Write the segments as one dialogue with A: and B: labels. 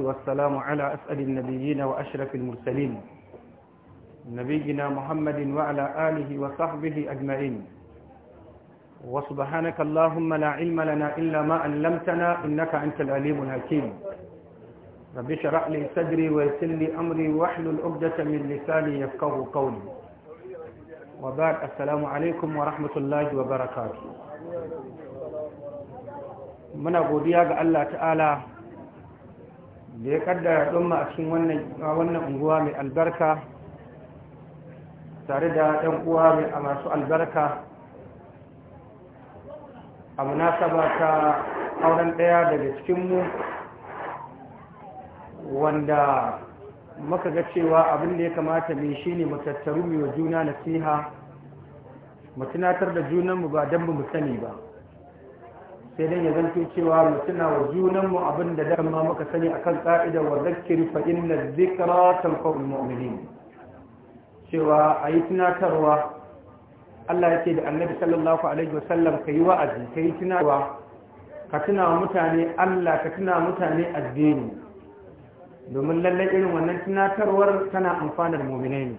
A: والسلام على أسأل النبيين وأشرف المرسلين نبينا محمد وعلى آله وصحبه أجمعين وسبحانك اللهم لا علم لنا إلا ما علمتنا إنك أنت العليم الحكيم رب اشرح لي صدري ويسر لي أمري واحلل عقدة من لساني يفقهوا قولي وبعد السلام عليكم ورحمة الله وبركاته muna godiya ga Allah ta'ala da ya kaddara a cikin wannan unguwa mai albarka tare da ɗan uwa mai a masu albarka a munasaba ta auren ɗaya daga cikinmu wanda maka ga cewa abin da ya kamata mai shi ne matattaru mai wa juna nasiha mu tunatar da junanmu ba don mu sani ba sai dai ya zance cewa mu tuna wa junanmu abin da dama muka sani akan ka'ida wa zakkir fa inna dhikra tanfa'u mu'minin cewa ayi tunatarwa Allah yake da Annabi sallallahu alaihi wasallam kai wa'azi kai tunatarwa ka tuna mutane Allah ka tuna mutane addini domin lalle irin wannan tunatarwar tana amfanar mu'minai ne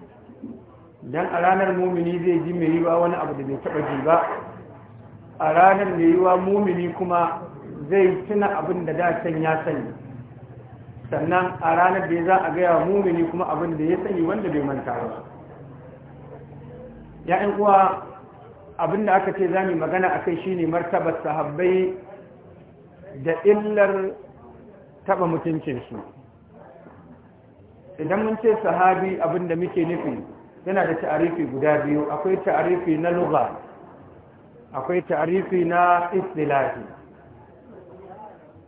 A: dan a ranar mu'mini zai ji mai ba wani abu da bai taba ji ba a ranar da yiwa mumini kuma zai tuna abin da dacen ya sani sannan a ranar da za a gaya mumini kuma abin da ya sani wanda bai manta ba ya'yan uwa abin da aka ce za mu magana a kai shi ne martabar sahabbai da illar taba mutuncinsu idan mun ce sahabi abin da muke nufi yana da ta'arifi guda biyu akwai ta'arifi na lugha akwai tarihi na istilahi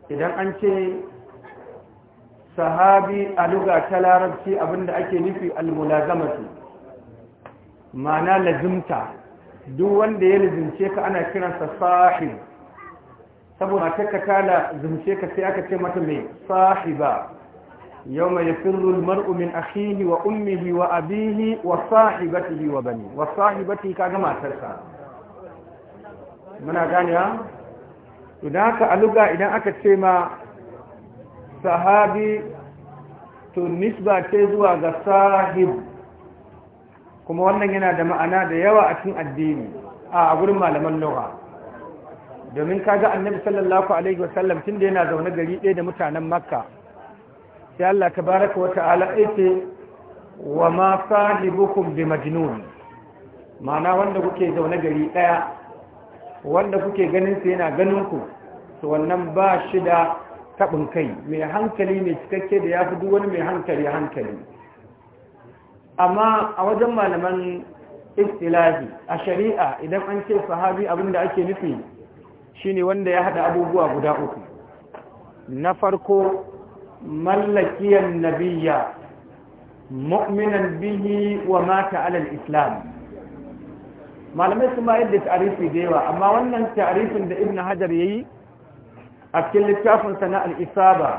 A: idan an ce sahabi a luga ta larabci abinda ake nufi almulazamatu Mana lazimta duk wanda ya lazimce ka ana kiransa sahib saboda ka ta zumce ka sai aka ce mata mai sahiba yau mai firrul mar'u min akhihi wa ummihi wa abihi wa sahibatihi wa bani wa sahibatihi ga matarsa muna gani ha? Tuna haka aluga idan aka ce ma sahabi to nisba ce zuwa ga sahib kuma wannan yana da ma'ana da yawa a cikin addini a gurin malaman nawa? domin ka ga annabi sallallahu alaihi wasallam da yana zaune gari ɗaya da mutanen makka sai Allah baraka wa ta'ala ce wa ma sahibukum bi majnun ma'ana wanda kuke zaune gari ɗaya wanda kuke ganin sa yana ganin ku to wannan ba shi da tabin kai mai hankali mai cikakke da ya fi duk wani mai hankali hankali amma a wajen malaman istilahi a shari'a idan an ce sahabi abin da ake nufi shine wanda ya hada abubuwa guda uku na farko mallakiyan nabiyya mu'minan bihi wa mata alal islam malamai su ma yadda ta'arifi da yawa amma wannan ta'arifin da ibn hajar yayi a cikin littafin sa na alisaba isaba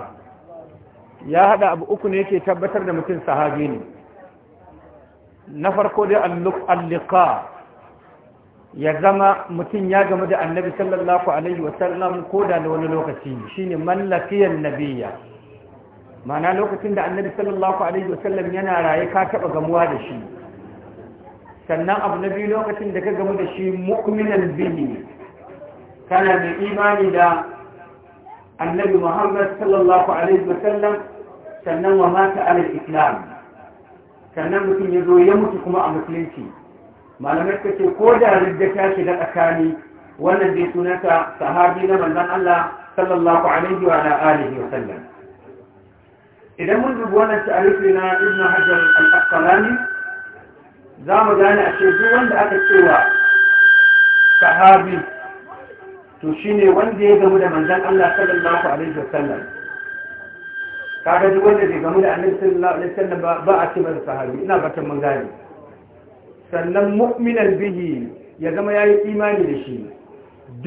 A: ya haɗa abu uku ne yake tabbatar da mutum sahabi ne na farko dai al ya zama mutum ya gama da annabi sallallahu alaihi wasallam ko da wani lokaci shine mallakiyan nabiyya ma'ana lokacin da annabi sallallahu alaihi wasallam yana raye ka taba gamuwa da shi sannan abu na biyu lokacin da ka gamu da shi mu'minan bihi kana mai imani da annabi muhammad sallallahu alaihi wasallam sannan wa mata alal islam sannan mutum ya zo ya mutu kuma a musulunci malamai suka ce ko da ridda ta shiga tsakani wannan zai sunanta sahabi na manzon Allah sallallahu alaihi wa alihi wa sallam idan mun dubi wannan ta'arifi na ibnu hajar al-asqalani za mu gane a duk wanda aka cewa sahabi to shine wanda ya gamu da manzan Allah sallallahu alaihi wasallam kaga duk wanda ya gamu da annabi sallallahu alaihi wasallam ba a ce masa sahabi ina fatan mun gane sannan mu'minan bihi ya zama yayi imani da shi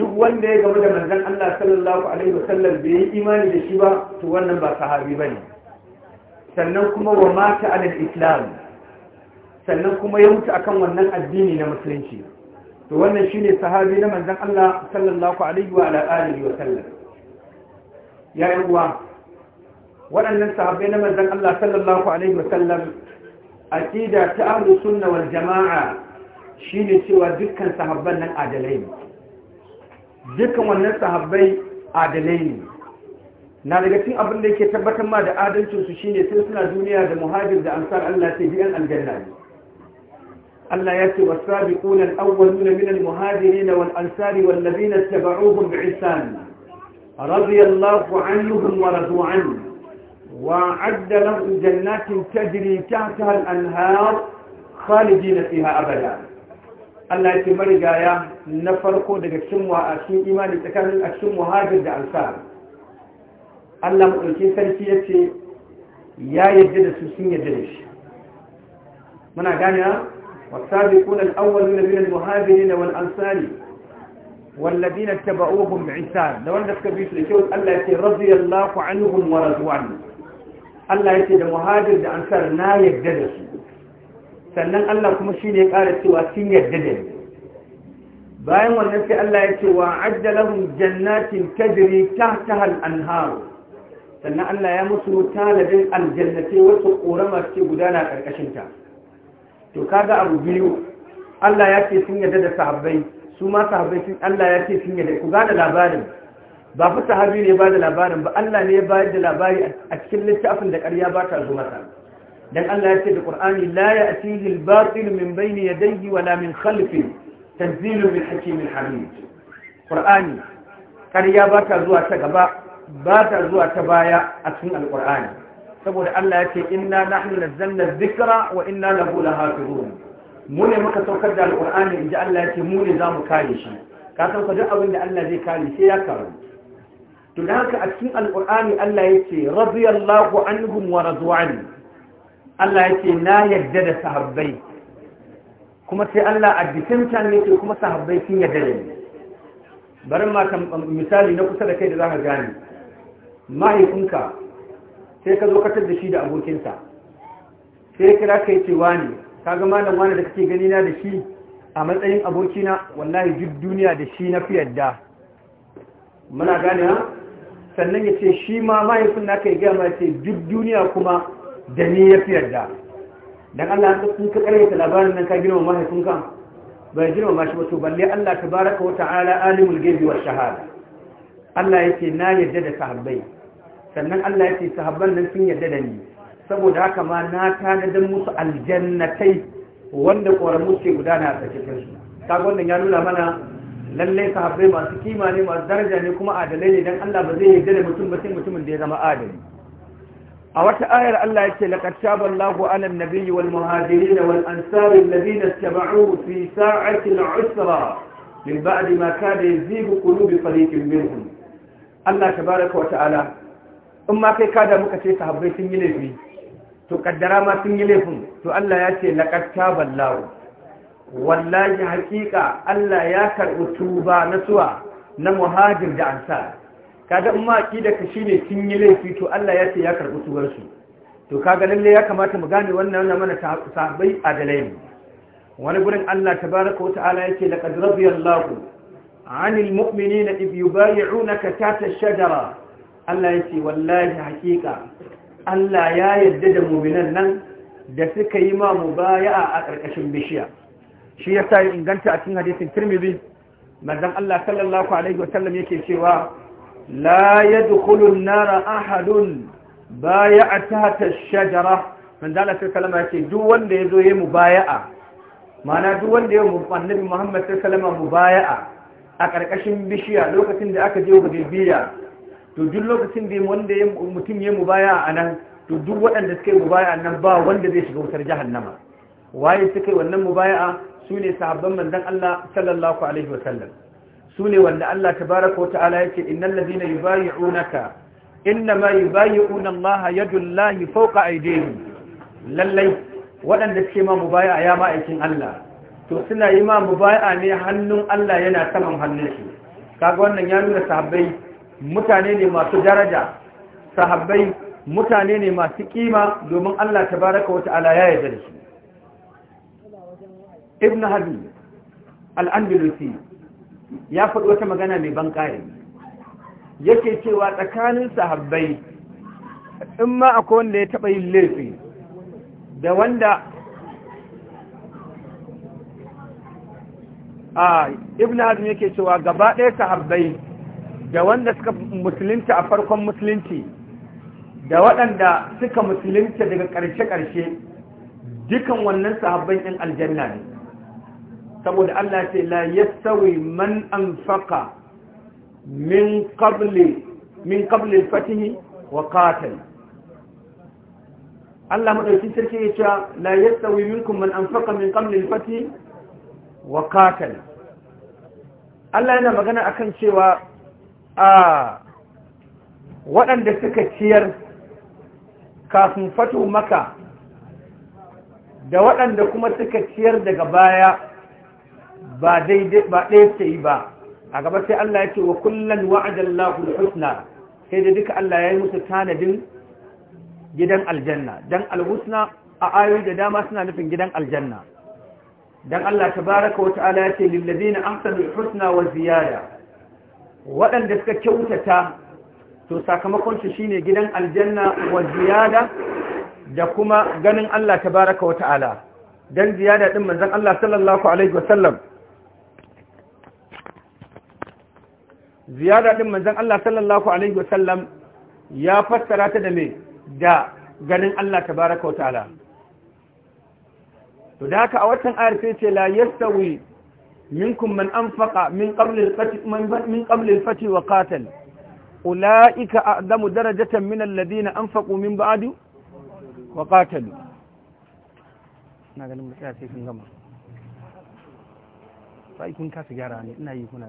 A: duk wanda ya gamu da manzan Allah sallallahu alaihi wasallam bai yi imani da shi ba to wannan ba sahabi bane sannan kuma wa mata al islam sannan kuma ya mutu akan wannan addini na musulunci to wannan shine sahabi na manzon Allah sallallahu alaihi wa alihi wa sallam ya yan uwa waɗannan sahabbai na manzon Allah sallallahu alaihi wa sallam aqida ta ahlus sunna wal jamaa shine cewa dukkan sahabban nan adalai ne dukkan wannan sahabbai adalai ne na daga cikin abin da yake tabbatar ma da adalcinsu shine sai suna duniya da muhajir da amsar Allah sai biyan aljanna ne Allah ya ce wasabiqun al-awwalun min al-muhajirin wal ansari wal ladina ittaba'uhum bi ihsan radiyallahu anhum wa radu anhu وأعد لهم جنات تجري تحتها الأنهار خالدين فيها أبدا Allah ya ce marigaya na farko daga cikin a cikin imani tsakanin a cikin muhajir da ansar Allah maɗauki sarki ya ce ya yadda da su sun yadda da shi muna gane والسابقون الأولون من المهاجرين والأنصار والذين اتبعوهم بعسان لو أنك بيس لشوت الله يتي رضي الله عنهم ورضوا عنه da يتي da مهاجر na أنصار da يجدد sannan Allah kuma shi ne ƙara cewa sun yarda da ni bayan wannan sai Allah ya ce wa ajjalahum jannatin sannan Allah ya musu taladin aljannatai wasu ƙorama ce gudana ƙarƙashinta to kaga abu biyu Allah ya ce sun yadda da sahabbai su ma sahabbai sun Allah ya ce sun yadda ku gane labarin ba fa sahabi ne ba da labarin ba Allah ne ya bayar da labari a cikin littafin da ƙarya ba ta zo masa dan Allah ya ce da Qur'ani la ya'tihi al-batil min bayni yadayhi wala min khalfi tanzilu min hakimin hamid Qur'ani ƙarya ba ta zuwa ta gaba ba ta zuwa ta baya a cikin al-Qur'ani saboda Allah ya ce inna nahnu nazzalna dhikra wa inna lahu lahafizun mu ne muka saukar da alqur'ani inji Allah ya ce mu ne zamu kare shi ka san fa duk abin da Allah zai kare sai ya kare to dan haka a cikin alqur'ani Allah ya ce radiyallahu anhum wa radwan Allah ya ce na yadda da sahabbai kuma sai Allah a disintan ne ce kuma sahabbai sun yadda da ni bari ma misali na kusa da kai da zaka gane mahaifinka sai ka zo ka da shi da abokinsa sai ya kira ka yi cewa wani ka ga malam wani da kake ganina da shi a matsayin abokina wallahi duk duniya da shi na fi yadda muna gane ha sannan ya ce shi ma mahaifin naka ya gaya ya ce duk duniya kuma da ni ya fi yadda dan Allah sun ka ta labarin nan ka girma mahaifinka bai girma ma shi ba to balle Allah tabaraka wa ta'ala alimul gaibi wa shahada Allah yake na yadda da sahabbai sannan Allah ya ce sahabban nan sun yarda da ni saboda haka ma na tanadin musu aljannatai wanda ƙwararru ke gudana a tsakiyar su Ta wannan ya nuna mana lallai sahabbai masu kima ne masu daraja ne kuma adalai ne dan Allah ba zai yarda da mutum ba sai mutumin da ya zama adali a wata ayar Allah yake laqad shaba Allahu ala an-nabiyyi wal muhajirin wal ansari alladhina ittaba'uhu fi sa'ati al-usra min ba'di ma kana yazibu qulubi fariqin minhum Allah tabaaraka wa ta'ala in ma kai ka da muka ce sahabbai sun yi laifi to kaddara ma sun yi laifin to Allah ya ce laqad Allah wallahi haqiqa Allah ya karɓi tuba na suwa na muhajir da ansar kaga in ma aqida ka shine sun yi laifi to Allah ya ce ya karɓi tubar su to kaga lalle ya kamata mu gane wannan wannan mana sahabbai adalai wani gurin Allah tabaraka wata'ala yake laqad radiyallahu 'anil mu'minina id yubay'unaka tahta ash-shajara Allah ya ce wallahi hakika Allah ya yadda da muminan nan da suka yi ma mu mubaya'a a ƙarƙashin bishiya shi ya sa inganta a cikin hadisin Tirmidhi manzon Allah sallallahu alaihi wa sallam yake cewa la yadkhulu an-nara ahadun baya'a tahta shajara manzon Allah sallallahu alaihi wa duk wanda yazo yayi baya'a. mana duk wanda yayi annabi Muhammad sallallahu alaihi mubaya'a a ƙarƙashin bishiya lokacin da aka je Hudaybiya to duk lokacin da wanda mutum ya mubaya a nan to duk waɗanda suka yi mubaya a nan ba wanda zai shiga wutar jahannama waye suka yi wannan mubaya'a su ne sahabban manzon Allah sallallahu alaihi wa sallam su ne wanda Allah tabaraka wa ta'ala yace innal ladina yubayi'unaka innama yubayi'una Allah yadullahi fawqa aydihim lallai waɗanda suke ma mubaya ya ma aikin Allah to suna yi ma mubaya'a ne hannun Allah yana saman hannun shi kaga wannan ya nuna sahabbai mutane ne masu daraja sahabbai mutane ne masu kima domin Allah tabaraka wata'ala ya yarda da ibn habi al’andalusi ya faɗi wata magana mai ban yake cewa tsakanin sahabbai in ma akwai wanda ya taɓa yin laifi da wanda a ibn hazm yake cewa gaba ɗaya sahabbai da wanda suka musulunci a farkon musulunci da waɗanda suka musulunci daga ƙarshe-ƙarshe dukan wannan sahabban ɗin aljanna ne saboda Allah ce la yastawi man anfaqa min qabli min qabli fatihi wa qatal Allah madaukin sarki ya ce la yastawi minkum man anfaqa min qabli fatihi wa qatal Allah yana magana akan cewa a waɗanda suka ciyar kafin fato maka da waɗanda kuma suka ciyar daga baya ba daidai ba ɗaya ce yi ba a gaba sai Allah ya ce wa kullum wa'adan lahul husna sai da duka Allah ya yi musu tanadin gidan aljanna don alhusna a ayoyi da dama suna nufin gidan aljanna Don Allah ta wata ala ya ce lullabi na amsar husna wa ziyara. waɗanda suka kyautata to sakamakon shi shine gidan aljanna wa ziyada da kuma ganin Allah tabaraka wa ta'ala dan ziyada din manzon Allah sallallahu alaihi wasallam ziyada din manzon Allah sallallahu alaihi wasallam ya fassara ta da me da ganin Allah tabaraka wa ta'ala to da haka a watan ayar sai ce la yastawi منكم من أنفق من قبل الفتح من قبل الفتح وقاتل أولئك أعظم درجة من الذين أنفقوا من بعد وقاتلوا ina ganin في tsaya sai kun gama sai kun kasa gyara ne ina yi kuna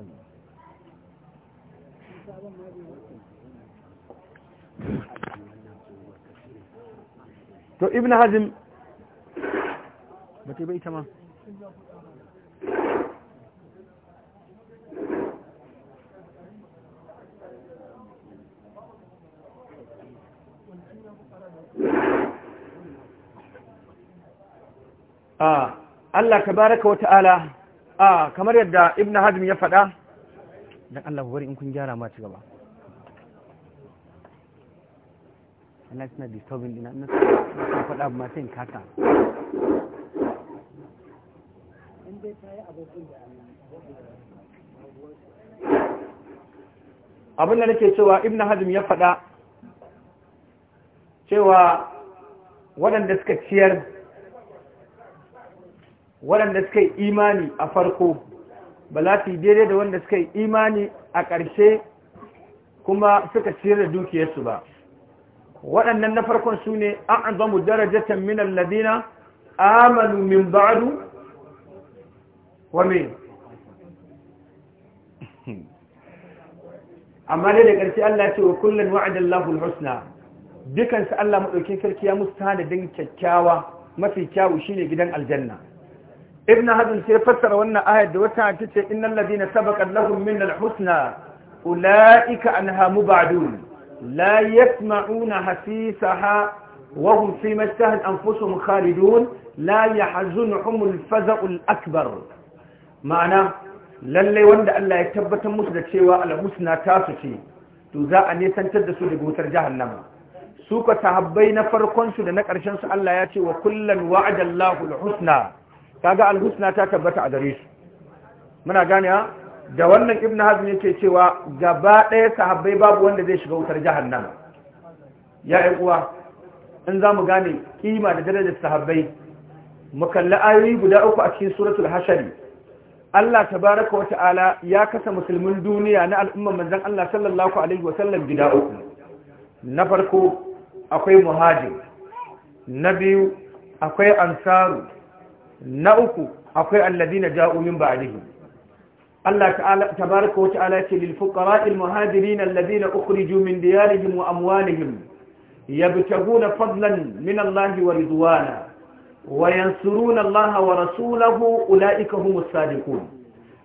A: a Allah tabaraka wa ta'ala a kamar yadda ibn hazm ya faɗa don Allah bari in kun gyara ma ci gaba Allah suna disturbing dina na faɗa ba masu yin kata. abin da nake cewa ibn hazm ya faɗa cewa waɗanda suka ciyar waɗanda suka yi imani a farko ba za daidai da wanda suka yi imani a ƙarshe kuma suka ciyar da dukiyarsu ba waɗannan na farkon su ne an an zama darajatan minan ladina amanu min ba'adu wa min amma dai da ƙarshe Allah ce wa kullum wa'adallahu husna dukansu Allah maɗauki sarki ya musu dangin kyakkyawa mafi kyawu shine gidan aljanna ibn hazm sai fassara wannan ayar da wata ta ce innal ladina sabaqat lahum min al-husna ulaika anha mubadun la yasma'una hasisaha wa hum fi ma khalidun la yahzunhum al-faza'u akbar ma'ana lalle wanda Allah ya tabbatar musu da cewa al-husna ta ce to za a nesantar da su daga wutar jahannama Duka tahabbai sahabbai na farkon su da na ƙarshen su Allah ya ce wa kullan wa'adallahu al-husna ga al-husna ta tabbata a gare su muna gane ha da wannan ibn hazm yake cewa gaba ɗaya sahabbai babu wanda zai shiga wutar jahannama ya ƴan uwa in za mu gane kima da darajar sahabbai mu kalli ayoyi guda uku a cikin suratul hashari Allah tabaraka wa ta'ala ya kasa musulmin duniya na al'umman manzon Allah sallallahu alaihi wa sallam gida uku na farko akwai muhajir na biyu akwai ansaru na uku akwai alladina jaumin min ba'dihi Allah ta'ala tabaraka wa ta'ala ce lil fuqara al muhajirin alladina ukhriju min diyarihim wa amwalihim yabtaguna fadlan min Allah wa ridwana wa yansuruna Allah wa rasulahu ulaika humus sadiqun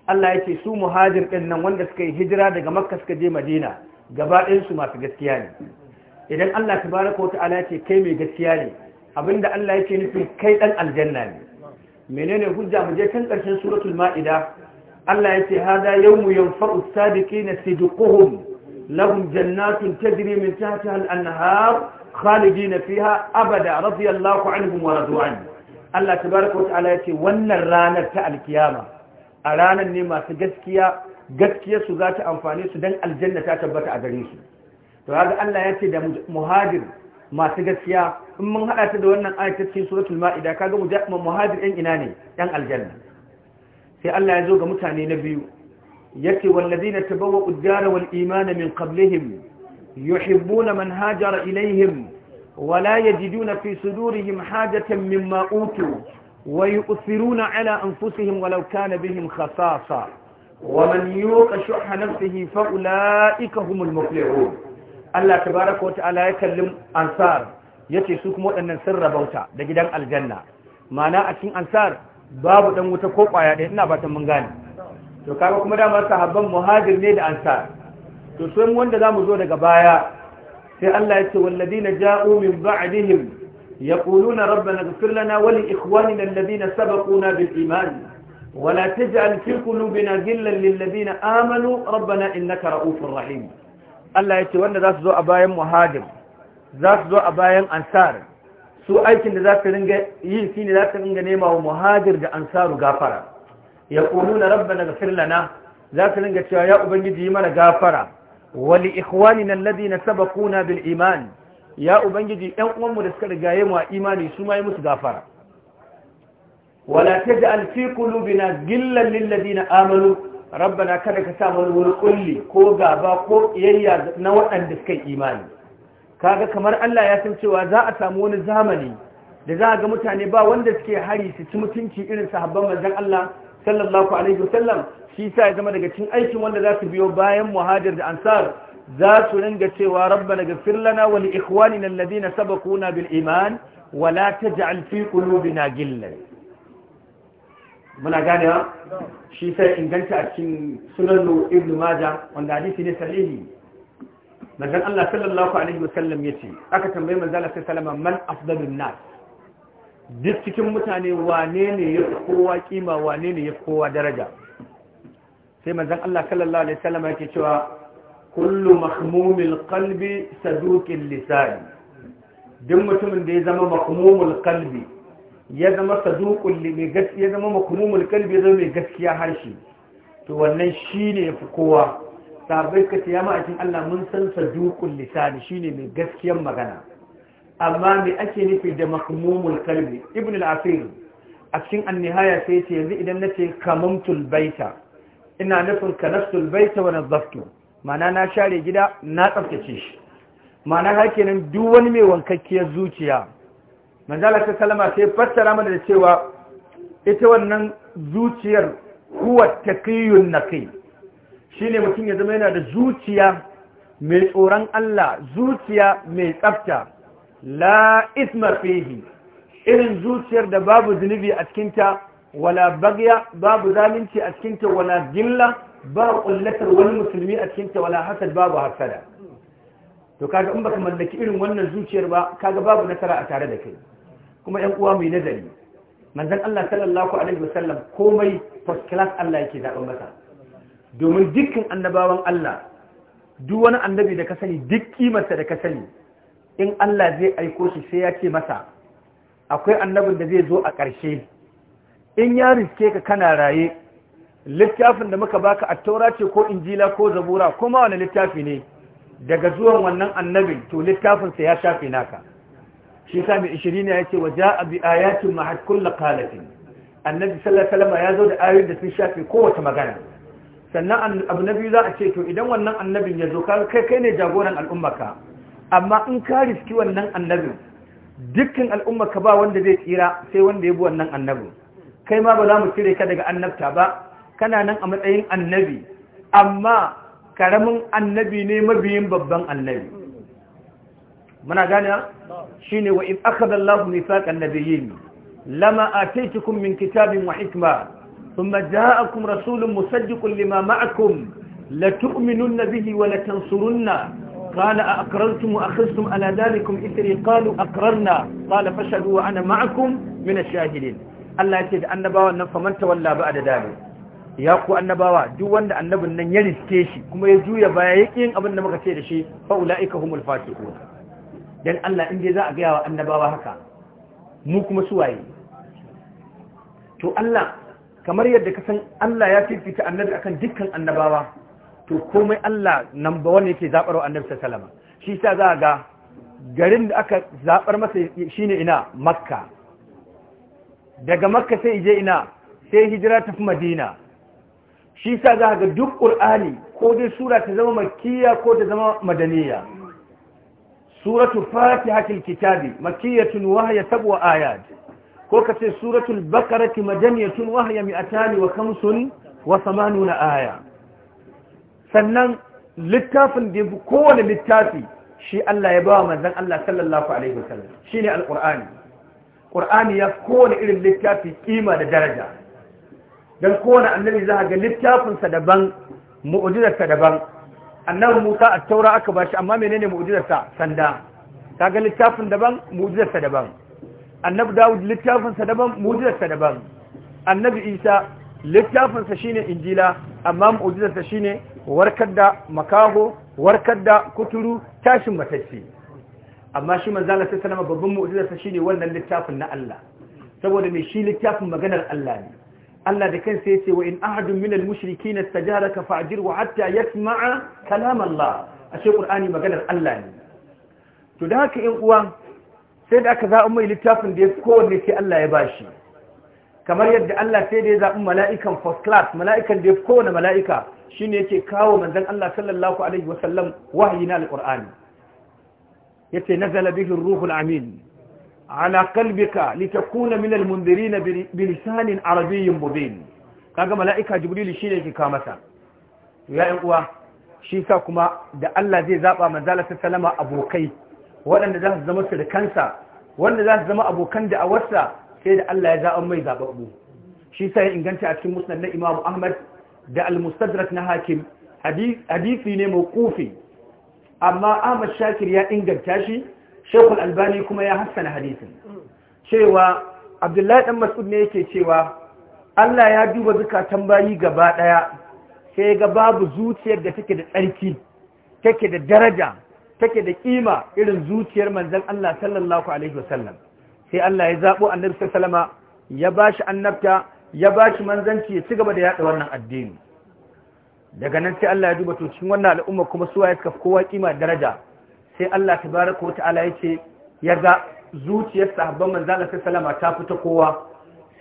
A: Allah yake su muhajir ɗin nan wanda suka yi hijira daga Makka suka je Madina gaba ɗayan masu gaskiya ne idan Allah tabaraka wa ta'ala ce kai mai gaskiya ne abinda Allah yake nufin kai ɗan aljanna ne menene hujja mu je kan karshen suratul ma'ida Allah yace hada yawmu yanfa'u sadiki sadiqina sidquhum lahum jannatun tajri min tahtiha al na fi ha abada radiyallahu anhum wa radu anhu Allah tabaraka wa ta'ala yace wannan ranar ta alkiyama a ranar ne masu gaskiya gaskiyarsu za ta amfane su don aljanna ta tabbata a gare su to haka Allah ya ce da muhajir masu gaskiya in mun hada ta da wannan ayat cikin suratul maida kaga muhajir ɗan ina ne ɗan aljanna sai Allah ya zo ga mutane na biyu yace wallazina tabawwa'u ad-dara wal imana min qablihim yuhibbuna man hajara ilayhim ولا يجدون في صدورهم حاجة مما أوتوا ويؤثرون على أنفسهم ولو كان بهم خصاصة ومن يوق شح نفسه فأولئك هم المفلحون Allah baraka wa ta'ala ya kalli ansar yace su kuma waɗannan sun rabauta da gidan aljanna ma'ana a cikin ansar babu ɗan wuta ko kwaya ɗaya ina fatan mun gane to kaga kuma damar sahabban muhajir ne da ansar to sai wanda zamu zo daga baya sai Allah ya ce walladina ja'u min ba'dihim yaquluna rabbana ighfir lana wa li ikhwanina alladhina sabaquna bil iman ولا تجعل في قلوبنا غلا للذين آمنوا ربنا إنك رؤوف rahim? Allah ya ce wanda za su zo a bayan muhajim za su zo a bayan ansar su aikin da za su ringa yi shi ne za su ringa nema wa muhajir da ansaru gafara ya ƙunu na rabba na gafir lana za su ringa cewa ya ubangiji yi mana gafara wali ikhwani na ladi na saba kuna bil iman ya ubangiji yan uwanmu da suka riga mu a imani su ma yi musu gafara wala taj'al fi qulubina gillan lil na rabbana kada ka sa mana wani kulli ko gaba ko iyayya na waɗanda suka yi imani kaga kamar Allah ya san cewa za a samu wani zamani da za a ga mutane ba wanda suke hari su ci mutunci irin sahabban manzon Allah sallallahu alaihi wasallam shi sa ya zama daga cikin aikin wanda za su biyo bayan muhajir da ansar za su ringa cewa rabbana ghfir lana wa li ikhwanina alladhina sabaquna bil iman wa la taj'al fi qulubina ghillan muna gane shi sai inganta a cikin sunanu ibn maja wanda hadisi ne sahihi manzon Allah sallallahu alaihi wasallam yace aka tambaye manzon Allah sallallahu alaihi man afdalun nas duk cikin mutane wane ne ya kowa kima wane ne ya kowa daraja sai manzon Allah sallallahu alaihi wasallam yake cewa kullu mahmumil qalbi saduqil lisan duk mutumin da ya zama mahmumul qalbi ya zama saduqul li ya zama makunumul kalbi ya zama mai gaskiya harshe to wannan shine fi kowa sabai ka ce ya ma'aikin Allah mun san saduqul lisani shine mai gaskiyar magana amma mai ake nufi da makunumul kalbi ibn al-asir a cikin annihaya sai ce yanzu idan na ce kamamtul baita ina nufin kanastul baita wa zaftu, ma'ana na share gida na tsaftace shi ma'ana hakenan duk wani mai wankakkiyar zuciya manzala ta salama sai fassara mana da cewa ita wannan zuciyar huwa taqiyun naqi shine mutum ya zama yana da zuciya mai tsoron Allah zuciya mai tsafta la isma fihi irin zuciyar da babu zunubi a cikinta wala bagya babu zalunci a cikinta wala gilla ba kullatar wani musulmi a cikinta wala hasad babu hasada to kaga in baka mallaki irin wannan zuciyar ba kaga babu nasara a tare da kai kuma ‘yan uwa mai nazari manzan Allah sallallahu Alaihi wasallam komai first class Allah yake zaɓen masa domin dukkan annabawan Allah duk wani annabi da ka sani duk kimarsa da ka sani in Allah zai aiko shi sai ya ce masa akwai annabin da zai zo a ƙarshe in ya riske ka kana raye littafin da muka baka a taura ce ko injila ko zabura kuma wani littafi ne daga zuwan wannan annabin to littafinsa ya shafe naka shi sa mai ne ya ce wa ja'a bi ayatin mahad kullu qalatin annabi sallallahu alaihi wasallam ya zo da ayoyin da sun shafe kowace magana sannan abu na biyu za a ce to idan wannan annabin ya zo kai kai ne jagoran al'ummarka amma in ka riski wannan annabin dukkan al'ummarka ba wanda zai tsira sai wanda ya bi wannan annabin kai ma ba za mu cire ka daga annabta ba kana nan a matsayin annabi amma karamin annabi ne mabiyin babban annabi muna gane shine wa in akhadha Allahu mithaqan nabiyyin lama ataytukum min kitabin wa hikma thumma ja'akum rasulun musaddiqun lima ma'akum la tu'minunna bihi wa la tansurunna قال أقررتم وأخذتم على ذلكم إثري قالوا أقررنا قال فاشهدوا وأنا معكم من الشاهدين Allah ya ce da annabawan nan faman tawalla ba da dalu ya ku annabawa duk wanda annabin nan ya riske shi kuma ya juya baya yakin abin da muka ce da shi fa ulaika humul fasiqun dan Allah in dai za a gaya wa annabawa haka mu kuma su waye. to Allah kamar yadda ka san Allah ya fifita annabi akan dukkan annabawa to komai Allah number 1 yake zabar wa annabi sallama shi sa za ga garin da aka zabar masa shine ina makka daga makka sai je ina sai hijira tafi madina shi sa za ga duk qur'ani ko dai sura ta zama makkiya ko ta zama madaniya suratul fatihatul kitabi makkiyatun wa hiya sab'u ayat ko kace suratul baqarati madaniyatun wa hiya mi'atan wa khamsun wa thamanuna aya sannan littafin da kowane littafi shi Allah ya bawa manzon Allah sallallahu alaihi wasallam shine alqur'ani qur'ani ya kowane irin littafi kima da daraja dan kowane annabi za ga littafinsa daban mu'jizarsa daban annabi Musa a taura aka bashi amma menene mu'jizarsa sanda kaga littafin daban mu'jizarsa daban annabi Dawud littafinsa daban mu'jizarsa daban annabi Isa littafinsa shine injila amma mu'jizarsa shine warkar da makaho warkar da kuturu tashin matacce amma shi manzala sai sanama babban mu'jizarsa shine wannan littafin na Allah saboda me shi littafin maganar Allah ne Allah da kansa yace wa in ahadun minal mushrikeena istajaraka fa'jirhu hatta yasma'a kalam Allah ashe Qur'ani maganar Allah ne to da haka in uwa sai da aka zaɓi mai littafin da ya kowanne sai Allah ya bashi kamar yadda Allah sai da ya zaɓi mala'ikan first class mala'ikan da ya kowane mala'ika shine yake kawo manzon Allah sallallahu alaihi wasallam wahayi na alqur'ani yace nazala bihi ruhul amin ala qalbika litakuna min almundirin bilisanin arabiyyin mubin kaga mala'ika jibril shine ke ka masa to ya yan uwa shi sa kuma da Allah zai zaba manzala sallama abokai waɗanda za su zama sirkansa wanda za su zama abokan da awarsa sai da Allah ya zaɓa mai zaɓaɓɓu shi sa ya inganta a cikin musnad na Imam Ahmad da al-Mustadrak na Hakim hadisi ne mawqufi amma Ahmad Shakir ya inganta shi al albani kuma ya hassana hadisin cewa abdullahi dan mas'ud ne yake cewa Allah ya duba zakatan bayi gaba ɗaya sai ga babu zuciyar da take da tsarki take da daraja take da kima irin zuciyar manzon Allah sallallahu alaihi wasallam sai Allah ya zabo annabi sallama ya bashi annabta ya bashi manzanci ya ci gaba da yada wannan addini daga nan sai Allah ya duba to cikin wannan al'umma kuma suwaye suka fi kowa kima daraja sai Allah tabaraka wa ta'ala ya ce ya ga zuciyar sahabban manzala ta salama ta fita kowa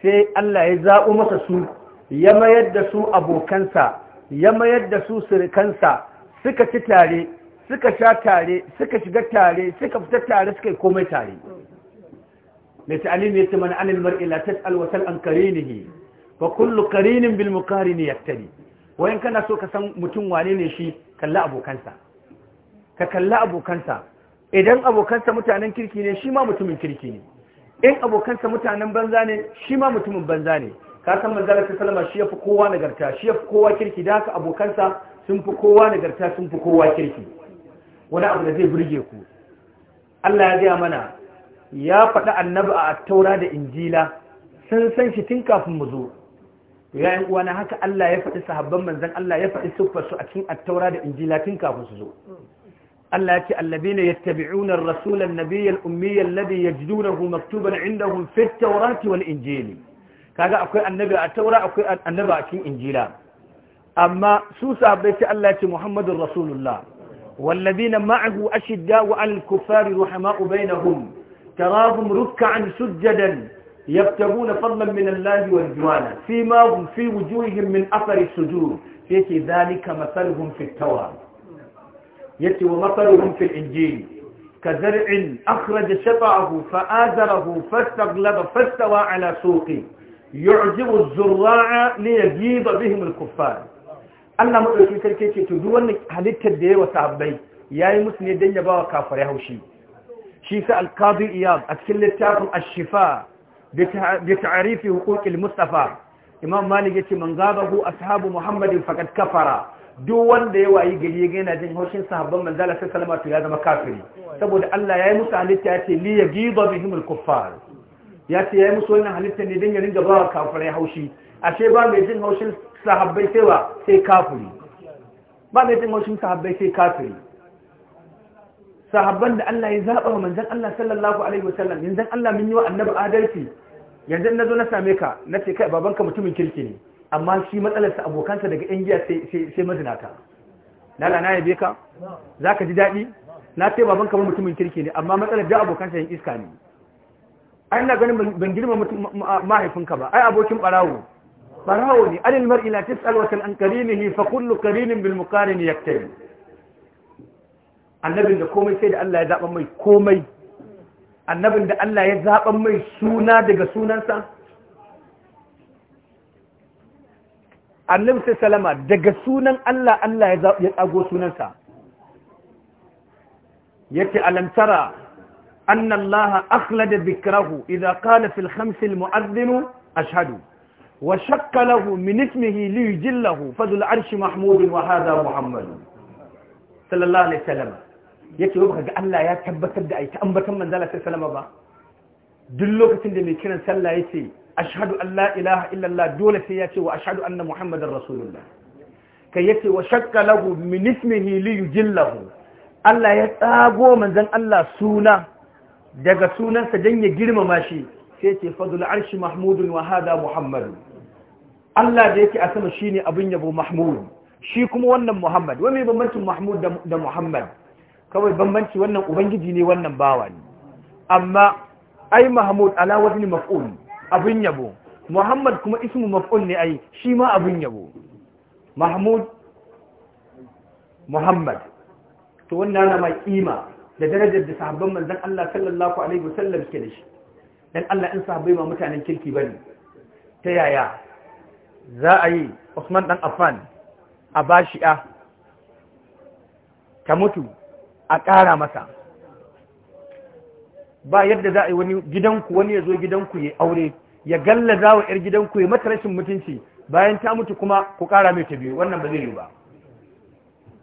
A: sai Allah ya zaɓo masa su ya mayar da su abokansa ya mayar da su sirikansa suka ci tare suka sha tare suka shiga tare suka fita tare suka yi komai tare mai ta'alim ya ce mana anil mar'i la tas'al wa sal an karinihi fa kullu karinin bil muqarini yaktadi wayan kana so ka san mutum wane ne shi kalla abokansa ka kalla abokansa idan abokansa mutanen kirki ne shi ma mutumin kirki ne in abokansa mutanen banza ne shi ma mutumin banza ne ka san manzara ta salama shi fi kowa nagarta shi ya fi kowa kirki da haka abokansa sun fi kowa nagarta sun fi kowa kirki wani abu da zai burge ku Allah ya gaya mana ya faɗi annabi a taura da injila sun san shi tun kafin mu zo ya uwa na haka Allah ya faɗi sahabban manzan Allah ya faɗi siffarsu a cikin attaura da injila tun kafin su zo allaki ya ce, Allabi ne ya tabi unar Rasulun Nabiyar Ummiyar Labi ya ji dunahu maktubar inda hun fi taurati wani injili. Kaga akwai annabi a taura akwai annabi a cikin injila. Amma su sabai ce Allah Muhammadun Rasulullah. Wallabi na ma'ahu a shidda wa al-kufari ruhama ubai na hun, tarahun rukka an sujjadan yabtabu na fallon min Allahi wa juwana, fi ma hun fi wujuhin min afari sujuru, fi yake zalika masarhun fi taurari. yake wa masaluhum fil injil كزرع أخرج شطعه فآزره فاستغلب فاستوى على سوقه يعجب الزراع ليجيب بهم الكفار Allah maɗauki sarki ce to duk wannan halittar da yawa sahabbai yayi musu ne dan ya bawa kafare haushi shi sa al-qadi iyad a cikin littafin ash-shifa bi ta'rif huquq al-mustafa imam malik yace man gabahu ashabu muhammadin faqad kafara duk wanda ya wayi gari ya yana jin haushin sahabban manzala sai salama to ya zama kafiri saboda Allah ya yi musu halitta ya ce li yagiba bihim al-kuffar ya ce ya yi musu wannan halitta ne don ya ringa bawa kafirai haushi ashe ba mai jin haushin sahabbai sai wa sai kafiri ba mai jin haushin sahabbai sai kafiri sahabban da Allah ya zaɓa wa manzan Allah sallallahu alaihi wa sallam yanzu Allah mun yi wa annabi adalci yanzu na zo na same ka na ce kai babanka mutumin kirki ne amma shi matsalarsa abokansa daga yan giya sai mazinata lala na yabe ka za ka ji daɗi na ce baban kamar mutumin kirki ne amma matsalar da abokansa yin iska ne ai ina ganin ban girma mahaifinka ba ai abokin ɓarawo ɓarawo ne alil mar'i la tis alwatan an ne fa kullu karinin bil muqarin yaktabi annabin da komai sai da Allah ya zaɓa mai komai annabin da Allah ya zaɓa mai suna daga sunansa annabi sai salama daga sunan Allah Allah ya tsago sunansa yake alantara anna Allah akhlada bikirahu idan qala fil khams al mu'adhdhin ashhadu wa shakka lahu min ismihi li yujillahu fadhul arsh wa hadha muhammad sallallahu alaihi wasallam yake ba ga Allah ya tabbatar da aiki an batan manzala sallallahu alaihi wasallam ba duk lokacin da mai kiran sallah yace ashhadu allah la ilaha illallah dole sai ya ce wa ashhadu anna muhammadar rasulullah kai yace wa shakka lahu min ismihi li Allah ya tsago manzon Allah suna daga sunansa dan ya girmama shi sai ce fadul arshi mahmudun wa hada muhammadu Allah da yake a sama shine abin yabo mahmud shi kuma wannan muhammad wani bambancin mahmud da muhammad kawai bambanci wannan ubangiji ne wannan bawa ne amma ai mahmud ala wazni maf'ul abin yabo muhammad kuma ismu maf'ul ne ai shi ma abin yabo mahmud muhammad to wannan na mai kima da darajar da sahabban manzon Allah sallallahu alaihi wasallam ke da shi dan Allah in sahabbai ma mutanen kirki bane ta yaya za a yi Usman dan Affan a bashi a ta mutu a ƙara masa ba yadda za a yi wani gidanku wani ya zo gidanku ya aure ya galla za wa 'yar gidanku ya mata rashin mutunci bayan ta mutu kuma ku ƙara mai ta biyu wannan ba zai yi ba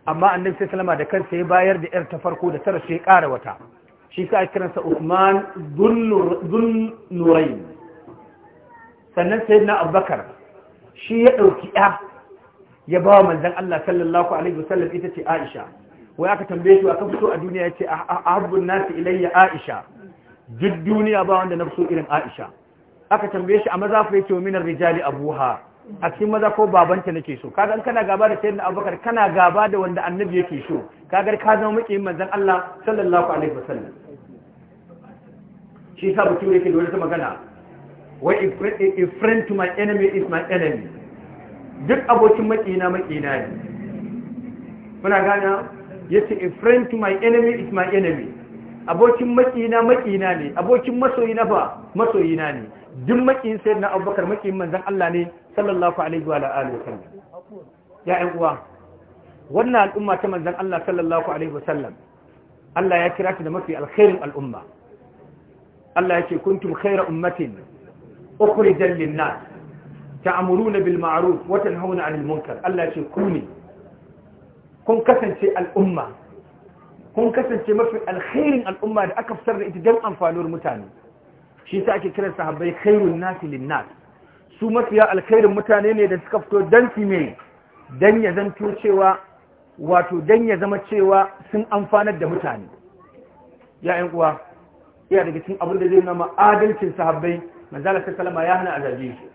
A: amma annabi sai salama da kansa ya bayar da 'yar ta farko da tara sai ƙara wata shi sa a kiransa Usman Zunnurain sannan sai na Abubakar shi ya ɗauki ya ya ba wa manzon Allah sallallahu alaihi wasallam ita ce Aisha wai aka tambaye shi aka fito a duniya yace ahabbun ah, ah, ah, nasi ilayya aisha duk duniya ba wanda na fito irin aisha aka tambaye shi a maza fa yace minar rijali abuha a cikin maza ko babanta nake so kaga kana gaba da sayyidina abubakar kana gaba da wanda annabi yake so kaga ka zama muke manzon Allah sallallahu alaihi wasallam shi sa bature yake da wata magana wai a friend to my enemy is my enemy duk abokin makina makina ne muna gane yace a friend to my enemy is my enemy abokin makina makina ne abokin masoyina fa masoyina ne duk makin sayyidina abubakar makin manzon Allah ne sallallahu alaihi wa alihi wasallam ya ƴan uwa wannan al'umma ta manzan Allah sallallahu alaihi wasallam Allah ya kira ta da mafi alkhairin al'umma Allah yake kuntum khayra ummatin ukhrijal lin-nas ta'muruna bil ma'ruf wa tanhauna 'anil munkar Allah yake ku kun kasance al'umma kun kasance mafi alkhairin al'umma da aka fitar da ita don amfanuwar mutane shi ta ake kiran sahabbai khairun nasi linnas su mafiya alkhairin mutane ne da suka fito don su mai don ya zanto cewa wato don ya zama cewa sun amfanar da mutane ya'yan uwa iya daga cikin abin da zai nama adalcin sahabbai manzala ta salama ya hana a zaje shi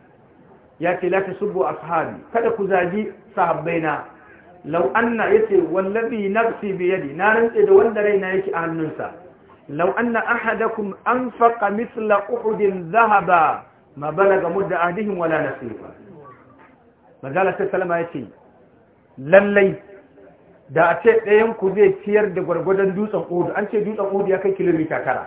A: ya ce la tasubbu ashabi kada ku zaji na. lau anna yace wallazi nafsi bi yadi na rantse da wanda raina yake a hannunsa lau anna an faƙa mithla uhudin zahaba. ma balaga mudda ahdihim wala nasifa salama ya yace lallai da a ce ɗayan ku zai ciyar da gwargwadon dutsen udu an ce dutsen udu ya kai kilomita tara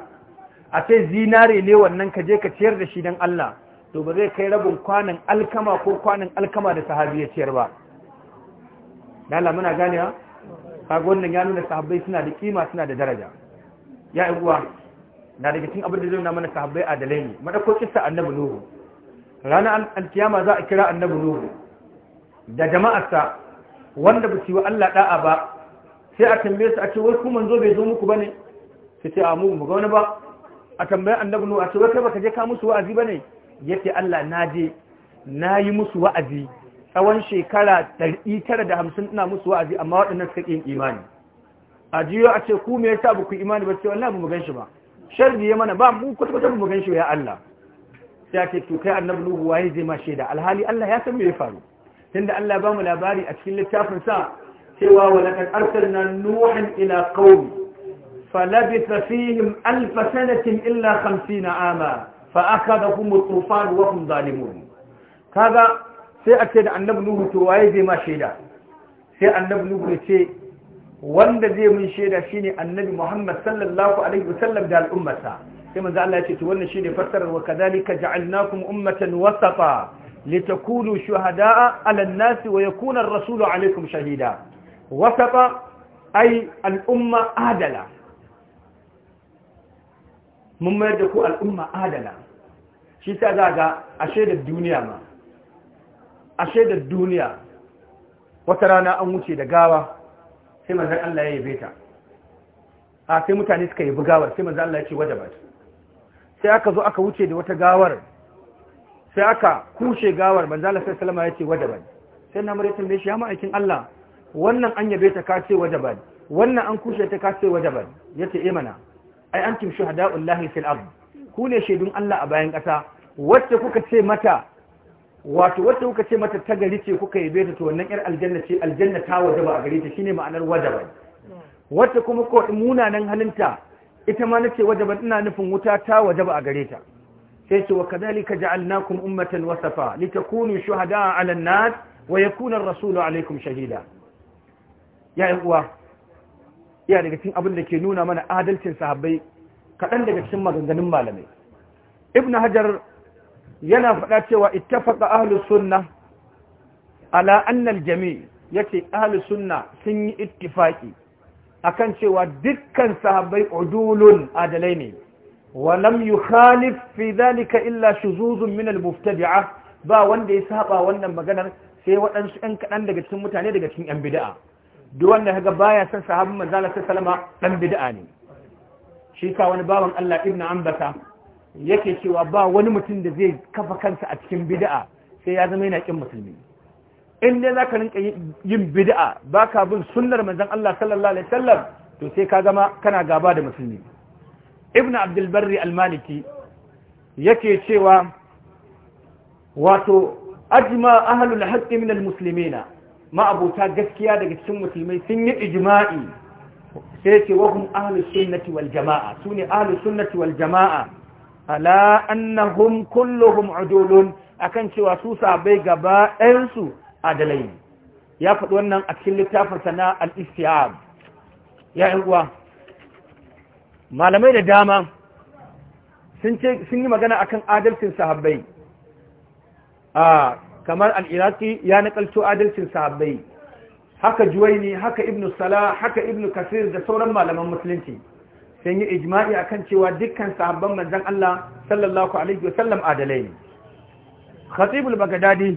A: a ce zinare ne wannan ka je ka ciyar da shi don Allah to ba zai kai rabin kwanan alkama ko kwanan alkama da sahabi ya ciyar ba dala muna muna ganewa kaga wannan ya nuna sahabbai suna da kima suna da daraja ya yi uwa na daga cikin abin da zai nuna mana sahabbai dalai ne madakokin sa annabi nuhu ranar alkiyama za a kira annabi nuhu da jama'arsa wanda ba su Allah da'a ba sai a tambaye su a ce wai ku manzo bai zo muku bane su ce a mu mu ga wani ba a tambaye annabi nuhu a ce wai kai baka je ka musu wa'azi bane yace Allah na je na yi musu wa'azi tsawon shekara 950 ina musu wa'azi amma waɗannan suka ƙin imani a jiyo a ce ku me yasa ba ku imani ba ce wallahi ba mu ganshi ba sharri ya mana ba mu kwata kwata ba mu ganshi ya Allah sai ake to kai annabi nuhu waye zai ma shaida alhali Allah ya san me ya faru tunda Allah ba mu labari a cikin littafin sa cewa wa laqad arsalna nuhan ila qaumi falabitha fihim alf sanatin illa 50 ama fa akhadhahum at-tufan wa hum zalimun kaga sai a ce da annabi nuhu to waye zai ma shaida sai annabi nuhu ya ce wanda zai mun shaida shine annabi muhammad sallallahu alaihi wasallam da al'ummarsa sai manzo Allah ya ce to wannan shine fassarar wa kadhalika ja'alnakum ummatan wasafa litakunu shuhada'a 'ala an-nasi wa yakuna ar-rasulu 'alaykum shahida wasata ay al-umma adala mun mayar da ku al'umma adala shi ta zaga a shaidar duniya ma a shaidar duniya wata rana an wuce da gawa sai manzan Allah ya yabe ta a sai mutane suka yi bugawar, sai manzan Allah ya ce waje ba sai aka zo aka wuce da wata gawar sai aka kushe gawar manzan Allah sai salama ya ce waje ba sai na maratin mai shi ya ma'aikin Allah wannan an yabe ta ka ce waje ba wannan an kushe ta ka ce waje ba ya ce imana eh ai antum shuhada'ullahi fil ard ku ne shaidun Allah a bayan ƙasa wacce kuka ce mata wato wacce kuka ce mata ta gari ce kuka yabe ta to wannan yar aljanna ce aljanna ta wajaba a gare ta shine ma'anar wajaba wacce kuma ko munanan halinta ita ma nace wajaba ina nufin wuta ta wajaba a gare ta sai ce wa kadhalika ja'alnakum ummatan wasafa litakunu shuhada'a 'ala an-nas wa yakuna ar-rasulu 'alaykum shahida ya uwa ya daga cikin abin da ke nuna mana adalcin sahabbai kaɗan daga cikin maganganun malamai ibnu hajar yana faɗa cewa ittafaqa ahlus sunna ala annal jami' yace ahlus sunna sun yi ittifaqi akan cewa dukkan sahabai udulun adalai ne wa lam yukhalif fi dhalika illa shuzuzun min al ba wanda ya saba wannan maganar sai waɗansu ɗan kaɗan daga cikin mutane daga cikin ‘yan bida'a duk wanda ga baya son sahabin manzala ta ɗan bida'a ne shi ka wani bawan Allah ibnu ambata yake cewa ba wani mutum da zai kafa kansa a cikin bid'a sai ya zama yana kin musulmi in dai zaka rinka yin bid'a baka bin sunnar manzon Allah sallallahu alaihi wasallam to sai ka zama kana gaba da musulmi ibnu abdul barri al-maliki yake cewa wato ajma ahlul haqq min al-muslimina ma gaskiya daga cikin musulmai sun yi ijma'i sai ce wa hum ahlus sunnati wal jama'a sune ahlu sunnati wal jama'a ala annahum kulluhum adulun akan cewa su sabai gaba ɗayansu adalai ya faɗi wannan a cikin littafin sana al istiab ya uwa malamai da dama sun yi magana akan adalcin sahabbai a kamar al-iraqi ya nakalto adalcin sahabbai haka juwaini haka ibnu salah haka ibnu kasir da sauran malaman musulunci sun yi ijma'i akan cewa dukkan sahabban manzan Allah sallallahu alaihi wasallam adalai ne khatibul bagdadi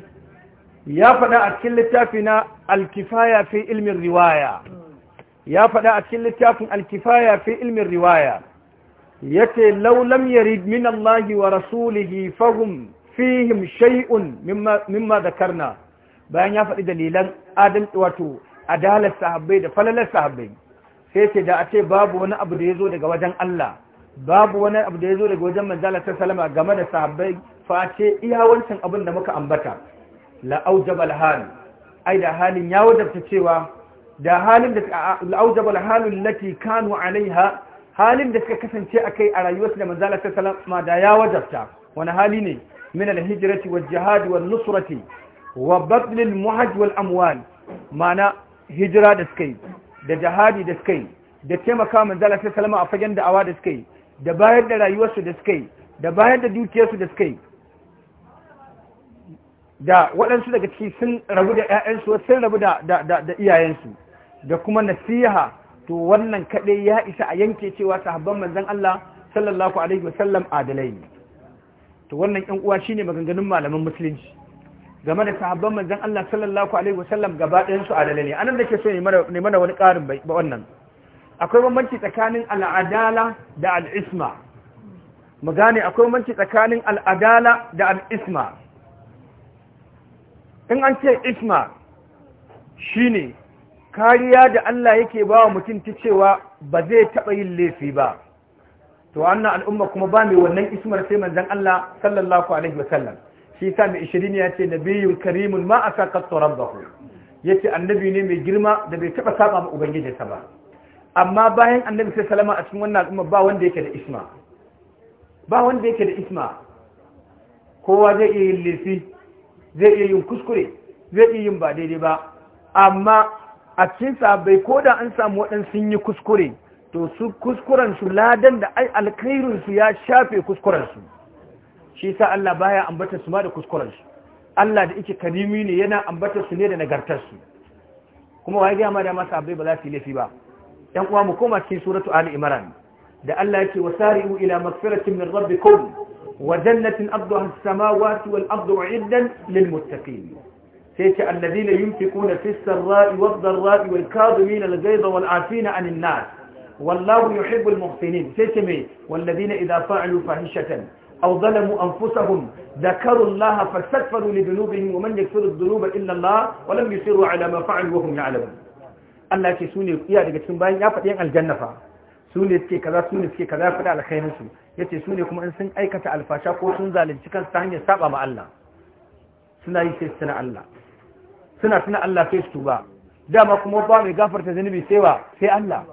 A: ya faɗa a cikin littafi na alkifaya fi ilmin riwaya ya faɗa a cikin littafin alkifaya fi ilmin riwaya yace law lam yarid min Allah wa rasulihi fihim mimma bayan ya faɗi dalilan adal wato adalar sahabbai da falalar sahabbai sai ce da a ce babu wani abu da ya zo daga wajen Allah babu wani abu da ya zo daga wajen manzala ta salama game da sahabbai face iya wancan abin da muka ambata la'aujabal hal ai da halin ya wadabta cewa da halin da la'aujabal halin lati kanu alaiha halin da suka kasance kai a rayuwarsu da manzala ta salama da ya wadabta wani hali ne min al-hijrati wal jihad wal nusrati wa batl al-muhaj wal amwal mana hijira da suka yi da jihadi da suka yi da taimaka manzala sai salama a fagen da'awa da suka yi da bayar da rayuwarsu da suka yi da bayar da dukiyarsu da suka yi da waɗansu daga ciki sun rabu da 'ya'yansu sun rabu da iyayensu da kuma nasiha to wannan kaɗai ya isa a yanke cewa sahabban manzan Allah sallallahu alaihi wasallam adalai to wannan 'yan uwa shine maganganun malaman musulunci game da sahabban manzan Allah sallallahu alaihi wasallam gaba ɗayan su adala ne anan ke so ne mana wani ƙarin ba wannan akwai bambanci tsakanin al'adala da al'isma mu gane akwai bambanci tsakanin al'adala da al'isma in an ce isma shi ne kariya da Allah yake ba wa mutum ta cewa ba zai taɓa yin laifi ba to wannan al'umma kuma ba mai wannan ismar sai manzan Allah sallallahu alaihi wasallam shi sa mai ishirin ya ce na biyun karimun ma a katsoran bahu ya ce annabi ne mai girma da bai taɓa saba ma ubangijinsa ba amma bayan annabi sai salama a cikin wannan al'umma ba wanda yake da isma ba wanda yake da isma kowa zai iya yin lefi zai iya yin kuskure zai iya yin ba daidai ba amma a cikin sabai ko da an samu waɗansu sun yi kuskure to su kuskuren su ladan da ai alkhairun su ya shafe kuskuren su shi Allah baya ambata su ma da kuskuren su Allah da yake karimi ne yana ambatar su ne da nagartar su kuma wai ga ma da masa abai ba za su yi laifi ba ɗan uwa mu koma cikin suratu ali imran da Allah yake wasari'u ila magfiratin min rabbikum wa jannatin abduha as-samawati wal ardu uiddan lil muttaqin sai ce alladhina yunfiquna fis sarra'i wad dharra'i wal kadhimina al ghayza wal 'afina 'anil nas والله يحب المحسنين ستمي والذين إذا فعلوا فاحشة أو ظلموا أنفسهم ذكروا الله فاستغفروا لذنوبهم ومن يكفر الذنوب إلا الله ولم يصروا على ما فعلوا وهم يعلمون Allah ce su ne iya daga cikin bayan ya faɗi yan aljannafa fa su ne suke kaza su ne suke kaza faɗi alkhairin ya ce su ne kuma in sun aikata alfasha ko sun zalunci kansu ta hanyar saba ma Allah suna yi sai suna Allah suna suna Allah sai su tuba dama kuma ba mai gafarta zanubi sai wa sai Allah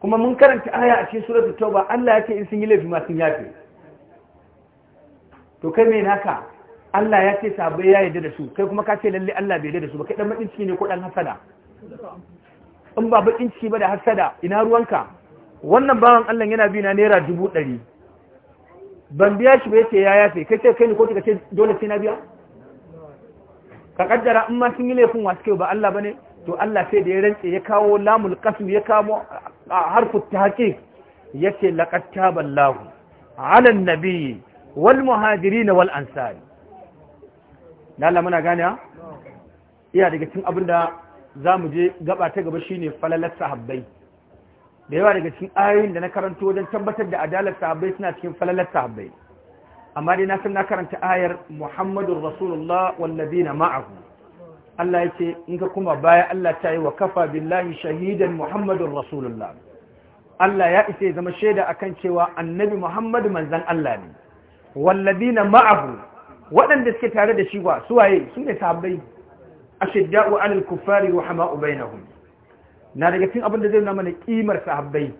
A: kuma mun karanta aya a cikin suratul tauba Allah yake in sun yi laifi ma sun yafe to kai mai naka Allah ya ce sabu ya yarda da su kai kuma ka ce lalle Allah bai da su ba kai dan bakin ciki ne ko dan hasada in ba bakin ciki ba da hasada ina ruwanka wannan bawan Allah yana bi na naira dubu ɗari ban biya shi ba yace ya yafe kai ce kai ne ko kika ce dole sai na biya ka kaddara in ma sun yi laifin wasu kai ba Allah bane to Allah sai da ya rantse ya kawo lamul qasm ya kawo harfu tahqiq yace laqad taba ala an wal na wal ansari Allah muna gane iya daga cin abin da za mu je gaba ta gaba shine falalar sahabbai da yawa daga cin ayoyin da na karanto wajen tabbatar da adalar sahabbai suna cikin falalar sahabbai amma dai na san na karanta ayar Muhammadun Rasulullah na ma'ahu Allah ya ce in ka kuma baya Allah ta yi wa kafa billahi shahidan muhammadun Rasulullah Allah ya isa ya zama shaida akan cewa annabi Muhammad manzan Allah ne walladina ma'ahu waɗanda suke tare da shi wa suwaye su ne sahabbai ashidda'u 'alal wa rahama'u bainahum na daga cikin abin da zai nuna mana kimar sahabbai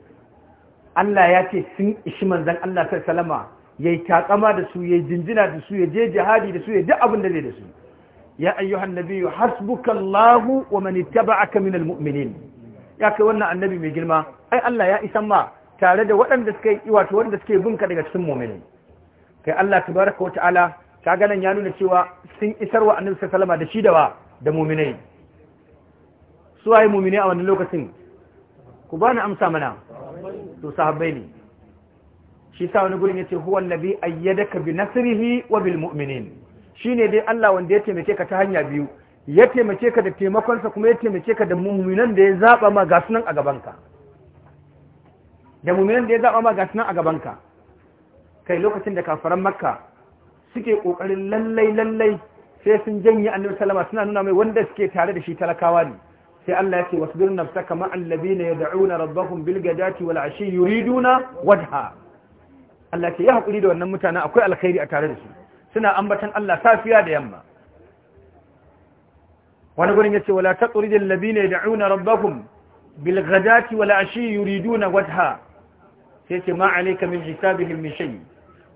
A: Allah ya ce sun ishi manzon Allah sallama yayi takama da su yayi jinjina da su yayi je jihadi da su yayi duk abin da zai da su ya ayyuhan nabiyyu hasbukallahu wa man ittaba'aka minal mu'minin ya kai wannan annabi mai girma ai Allah ya isan ma tare da waɗanda suka wato waɗanda suke bunka daga cikin mu'minin kai Allah tabaraka wa ta'ala kaga nan ya nuna cewa sun isar wa annabi sallama da shi da wa da mu'minai su waye mu'minai a wannan lokacin ku bani amsa mana to sahabbai ne shi sa wani gurin yace huwa allazi ayyadaka bi nasrihi wa bil mu'minin shine dai Allah wanda ya taimake ka ta hanya biyu ya taimake ka da sa kuma ya taimake ka da mu'minan da ya zaba ma gasu nan a ka da mu'minan da ya zaba ma a ka kai lokacin da kafaran makka suke kokarin lallai lallai sai sun janye annabi sallama suna nuna mai wanda suke tare da shi talakawa ne sai Allah ya ce wasbir nafsaka ma alladhina yad'una rabbahum bil gadati wal ashi yuriduna wajha Allah ce ya hakuri da wannan mutanen akwai alkhairi a tare da su suna ambatan Allah safiya da yamma wani gurin yace wala taqridil ladina yad'una rabbahum bil gadati wal ashi yuriduna wajha sai ce ma alayka min hisabihim min shay'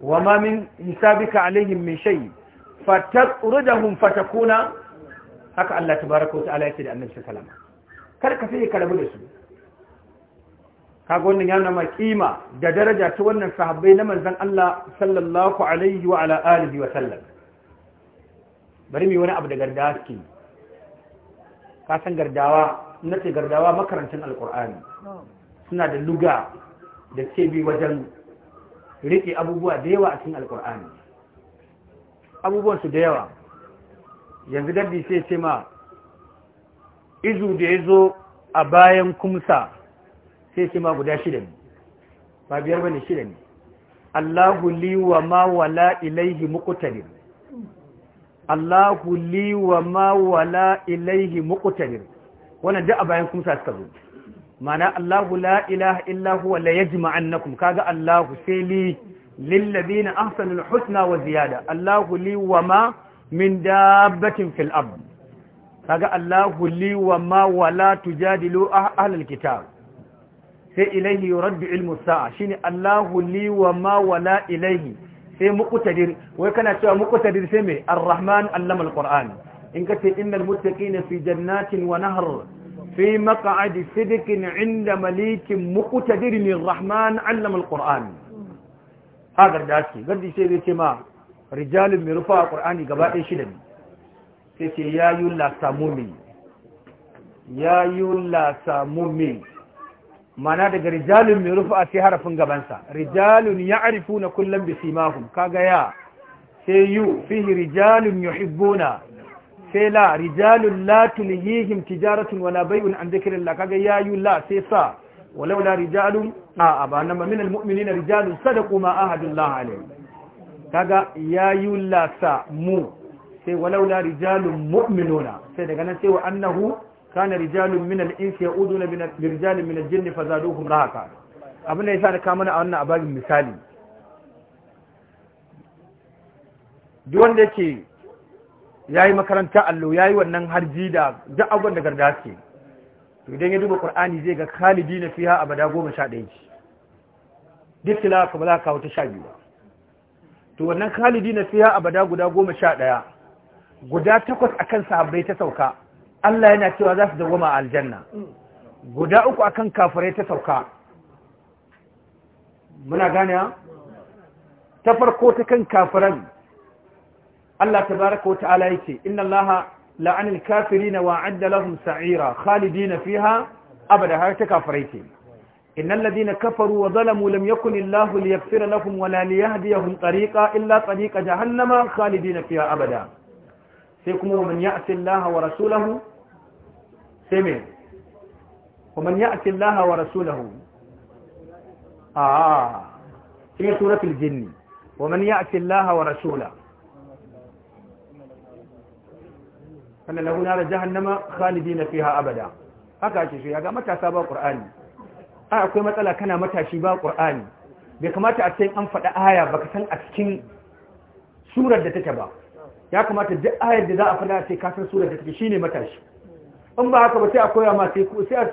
A: wa ma min hisabika alaihim min shay fatarudahum fatakuna haka Allah tabaraka wa ta'ala yake da annabi sallallahu alaihi wasallam kar ka sai ka rabu da su kaga wannan ya ma kima da daraja ta wannan sahabbai na manzon Allah sallallahu alaihi wa ala alihi wa sallam bari mu yi wani abu da gardawa suke ka san gardawa na ce gardawa makarantun alkur'ani suna da luga da ce bi wajen Riƙe abubuwa da yawa a cikin Alƙur'ani. abubuwan su da yawa yanzu dabbi sai ce ma izu da ya zo a bayan kumsa sai ce ma guda shida ne ba biyar bane shida ne Allahu li wa ma wala ilaihi muqtadir Allahu li wa ma wala ilaihi muqtadir wannan duk a bayan kumsa suka zo mana Allahu la ilaha illa huwa la yajma'annakum kaga Allahu sai li lil ladina ahsanul husna wa ziyada Allahu li wa ma min dabbatin fil ard kaga Allahu li wa ma wala tujadilu ah, ahlul kitab sai ilaihi yuraddu ilmu sa'a shine Allahu li wa ma wala ilaihi sai muqtadir wai kana cewa muqtadir sai me ar-rahman allama al-qur'an in kace innal muttaqina fi jannatin wa في مقعد صدق عند مليك مقتدر للرحمن علم القرآن هذا الداسي قد يسير كما رجال من رفع القرآن قبائل شدن سيسي يا يلا سامومي يا يلا سامومي mana daga rijalun mai rufa sai harafin gabansa rijalun ya arifu na kullum da simahun kaga ya sai yu fihi rijalun yuhibbuna sai la rijalun yi tulhihim tijaratun wala bai'un an la kaga ya yi la sai sa walau la rijalun a ba nan ba minal na rijalun kuma ma la hale kaga ya yi la sa mu sai walau la rijalun mu'minuna sai daga nan sai wa annahu kana rijalun minal insi ya'uduna bi rijalin minal jinni fazaduhum rahaka abin da yasa na kama na a wannan abagin misali duk wanda ya yi makaranta allo ya yi wannan harji da duk abin da garda ke to idan ya duba ƙar'ani zai ga khalidi na a bada goma sha ɗaya ce duk ka ba za ka kawo ta sha biyu to wannan khalidi na a bada guda goma sha ɗaya guda takwas akan sahabbai ta sauka Allah yana cewa za su goma a aljanna guda uku akan kafirai ta sauka muna gane ta farko ta kan kafirai Allah tabaraka wa ta'ala yake inna allaha la'anil kafirina wa adda lahum sa'ira khalidina fiha abada har ta kafirai ce innal ladina kafaru wa zalamu lam yakun illahu liyaghfira lahum wa la liyahdiyahum tariqa illa tariqa jahannama khalidina fiha abada sai kuma wa man ya'ti allaha wa rasulahu sai me wa man ya'ti allaha wa rasulahu ah sai suratul jinni wa man ya'ti allaha wa rasulahu kana lahu nar jahannama khalidina fiha abada haka ake shi ga matasa ba qur'ani a akwai matsala kana matashi ba qur'ani bai kamata a cikin an faɗi aya baka san a cikin surar da take ba ya kamata duk ayar da za a faɗa sai ka san surar da take shine matashi in ba haka ba sai a koya ma sai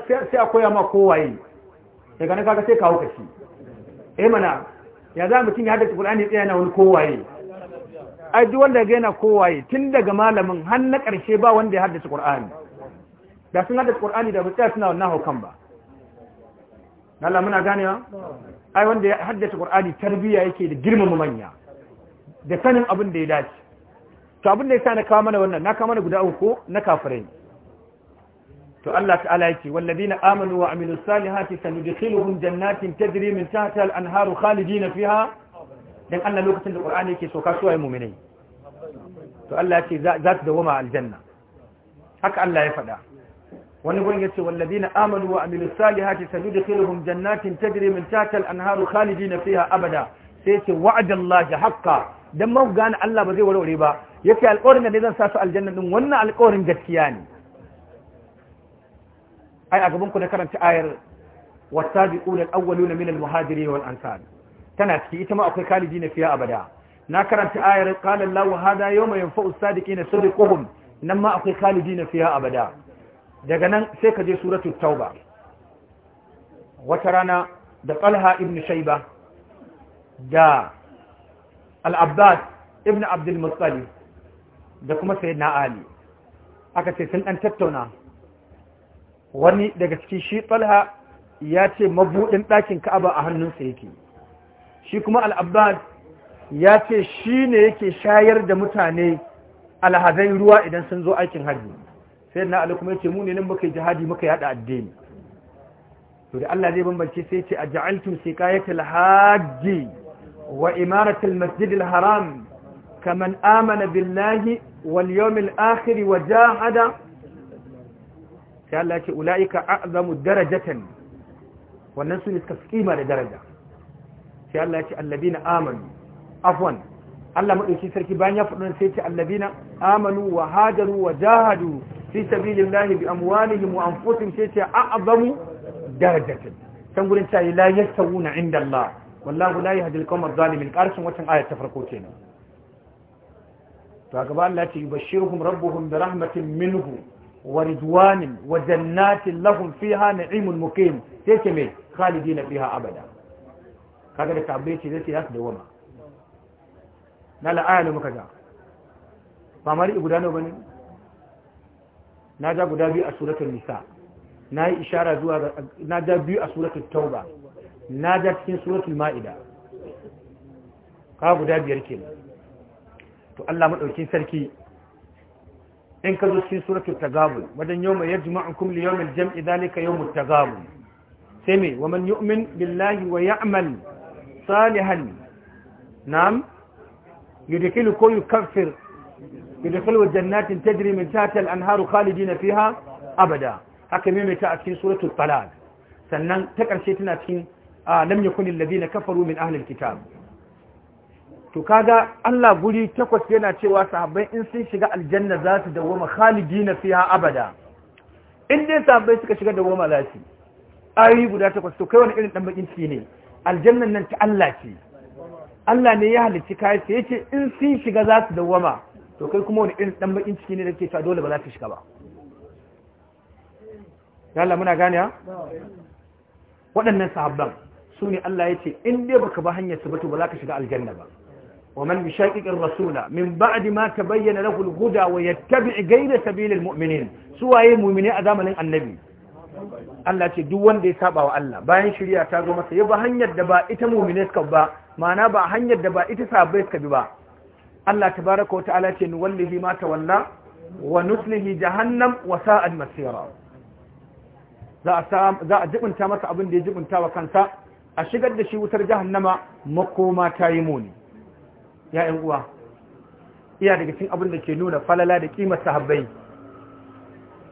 A: sai a koya ma kowaye daga nan kaga sai kawo kashi eh mana ya za mutum ya hada qur'ani tsaya na wani kowaye ai duk wanda ga yana kowaye tun daga malamin har na ƙarshe ba wanda ya haddace Qur'ani da sun haddace Qur'ani da ba suna wannan hukan ba Allah muna ganewa ai wanda ya haddace Qur'ani tarbiyya yake da girmama manya da sanin abin da ya dace to abin da yasa na kawo mana wannan na kawo mana guda uku na kafirai to Allah ta'ala yake walladina amanu wa amilus salihati sanudkhiluhum jannatin tajri min tahtiha al-anharu khalidina fiha dan Allah lokacin da Qur'ani yake so ka suwaye mu'minai to Allah ya ce za su dawoma aljanna haka Allah ya faɗa wani gurin yace na amalu wa amilus salihati sanudkhiluhum jannatin tajri min tahtiha anharu anharu na fiha abada sai yace wa'adallahi haqqan dan ma gane Allah ba zai warware ba ce alƙawarin da zan sa su aljanna din wannan alƙawarin gaskiya ne ai a gaban ku na karanta ayar wasabiquna al-awwaluna min al-muhajirin wal ansar tana ciki ita ma akwai khalidi na fiya abada na karanta ayar qala lahu hada yawma yanfa'u sadiqina sadiquhum nan ma akwai khalidi na fiya abada daga nan sai ka je suratul tauba wata rana da Talha ibn Shayba da Al-Abbas ibn Abdul Muttalib da kuma Sayyidina Ali aka ce sun dan tattauna wani daga cikin shi Talha ya ce mabuɗin ɗakin Ka'aba a hannunsa yake shi kuma al-abbas ya ce shi ne yake shayar da mutane alhazai ruwa idan sun zo aikin hajji sai na ali kuma yace mu ne nan muka yi jihadi muka yada addini to da Allah zai bambance sai ce aj'altum siqayatal hajji wa imaratul masjidil haram kaman amana billahi wal yawmil akhir wa jahada sai Allah ce ulaika a'zamu darajatan wannan su ne suka kima da daraja sai Allah ya ce amanu afwan Allah madauki sarki bayan ya faɗi sai ce na amanu wa hajaru wa jahadu fi sabilillahi bi amwalihim wa anfusihim sai ce a'zamu darajatan san gurin yi la yastawuna inda Allah wallahu la yahdi al-qawm adh-dhalimin karshen watan ayat ta farko kenan to gaba Allah ya ce yubashshiruhum rabbuhum bi rahmatin minhu wa ridwanin wa jannatin lahum fiha na'imun muqim sai ce me khalidina fiha abada kaga da sabbai ce zai ce za su wama. na la'aya ne muka ga ba mari guda nawa bane na ja guda biyu a suratul nisa na yi ishara zuwa ga na ja biyu a suratul tauba na ja cikin suratul ma'ida ka guda biyar kenan to Allah madaukin sarki in ka zo cikin suratul tagabul wajen yawma yajma'ukum li yawmil jam'i dalika yawmut tagabul sai me wa man yu'min billahi wa ya'mal salihan yudkhilu kull kafir yudkhilu jannatin tajri min tahtiha al-anharu khalidina fiha abada haka maimaita a cikin suratul talaq sannan ta karshe tana cikin lam yakun alladhina kafaru min ahli al-kitab to kaga Allah guri takwas yana cewa sahabbai in sun shiga aljanna za su dawoma khalidina fiha abada in dai sahabbai suka shiga dawoma lafi ayoyi guda takwas to kai wani irin dan bakin ciki ne aljannan nan ta Allah ce Allah ne ya halicci kayan sa yace in sun shiga za su dawwama to kai kuma wani irin dan bakin ciki ne da ke cewa dole ba za su shiga ba Allah muna gane ha waɗannan sahabban su ne Allah ya ce in dai baka ba hanyar su ba to ba za ka shiga aljanna ba wa man yushaqiqir rasula min ba'di ma tabayyana lahu al-huda wa yattabi' ghayra sabilil mu'minin su waye mu'mini a zamanin annabi Allah ce duk wanda ya saba wa Allah bayan shirya ta zo masa ya ba hanyar da ba ita mu'mine suka ba ma'ana ba hanyar da ba ita sahabbai suka bi ba Allah tabaraka wa ta'ala ce ni wallahi ma walla wa nuslihi jahannam wa sa'ad masira za a za a jibinta masa abin da ya jibinta wa kansa a shigar da shi wutar jahannama makoma ta yi muni ya uwa iya daga cikin abin da ke nuna falala da kimar sahabbai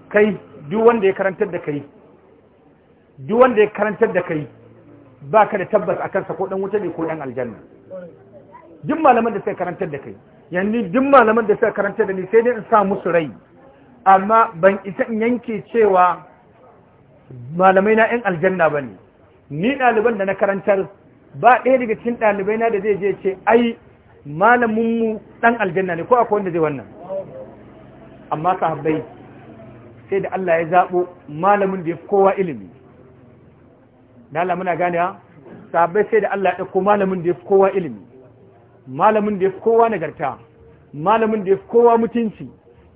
A: kai duk wanda ya karantar da kai duk wanda ya karantar da kai ba ka da tabbas a kansa ko ɗan wuta ne ko ɗan aljanna duk malaman da suka karantar da kai yanni duk malaman da suka karantar da ni sai dai in sa musu rai amma ban isa in yanke cewa malamai na 'yan aljanna ba ne ni ɗaliban da na karantar ba ɗaya daga cikin ɗalibai na da zai je ce ai malaminmu ɗan aljanna ne ko akwai wanda zai wannan amma sahabbai sai da Allah ya zaɓo malamin da ya fi kowa ilimi da Allah muna gane ya sahabbai sai da Allah ya ɗauko malamin da ya fi kowa ilimi malamin da ya fi kowa nagarta malamin da ya fi kowa mutunci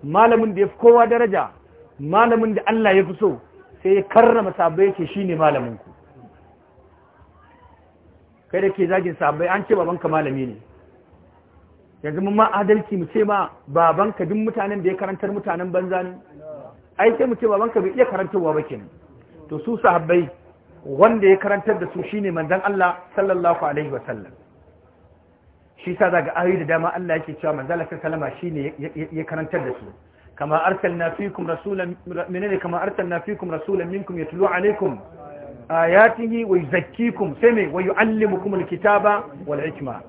A: malamin da ya fi kowa daraja malamin da Allah ya fi so sai ya karrama sahabbai yake shine malamin ku kai da ke zagin sabai an ce babanka malami ne yanzu mun ma adalci mu ce ma babanka duk mutanen da ya karantar mutanen banza ne ai sai mu ce babanka bai iya karantarwa ba kenan to su sahabbai wanda ya karantar da su shine manzon Allah sallallahu alaihi wa sallam shi sa daga ayoyi da dama Allah yake cewa manzon Allah sallama shine ya karantar da su kama arsalna fikum rasulan minne kama arsalna fikum rasulan minkum yatlu alaikum ayatihi wa yuzakkikum sai me wa yuallimukum alkitaba wal hikma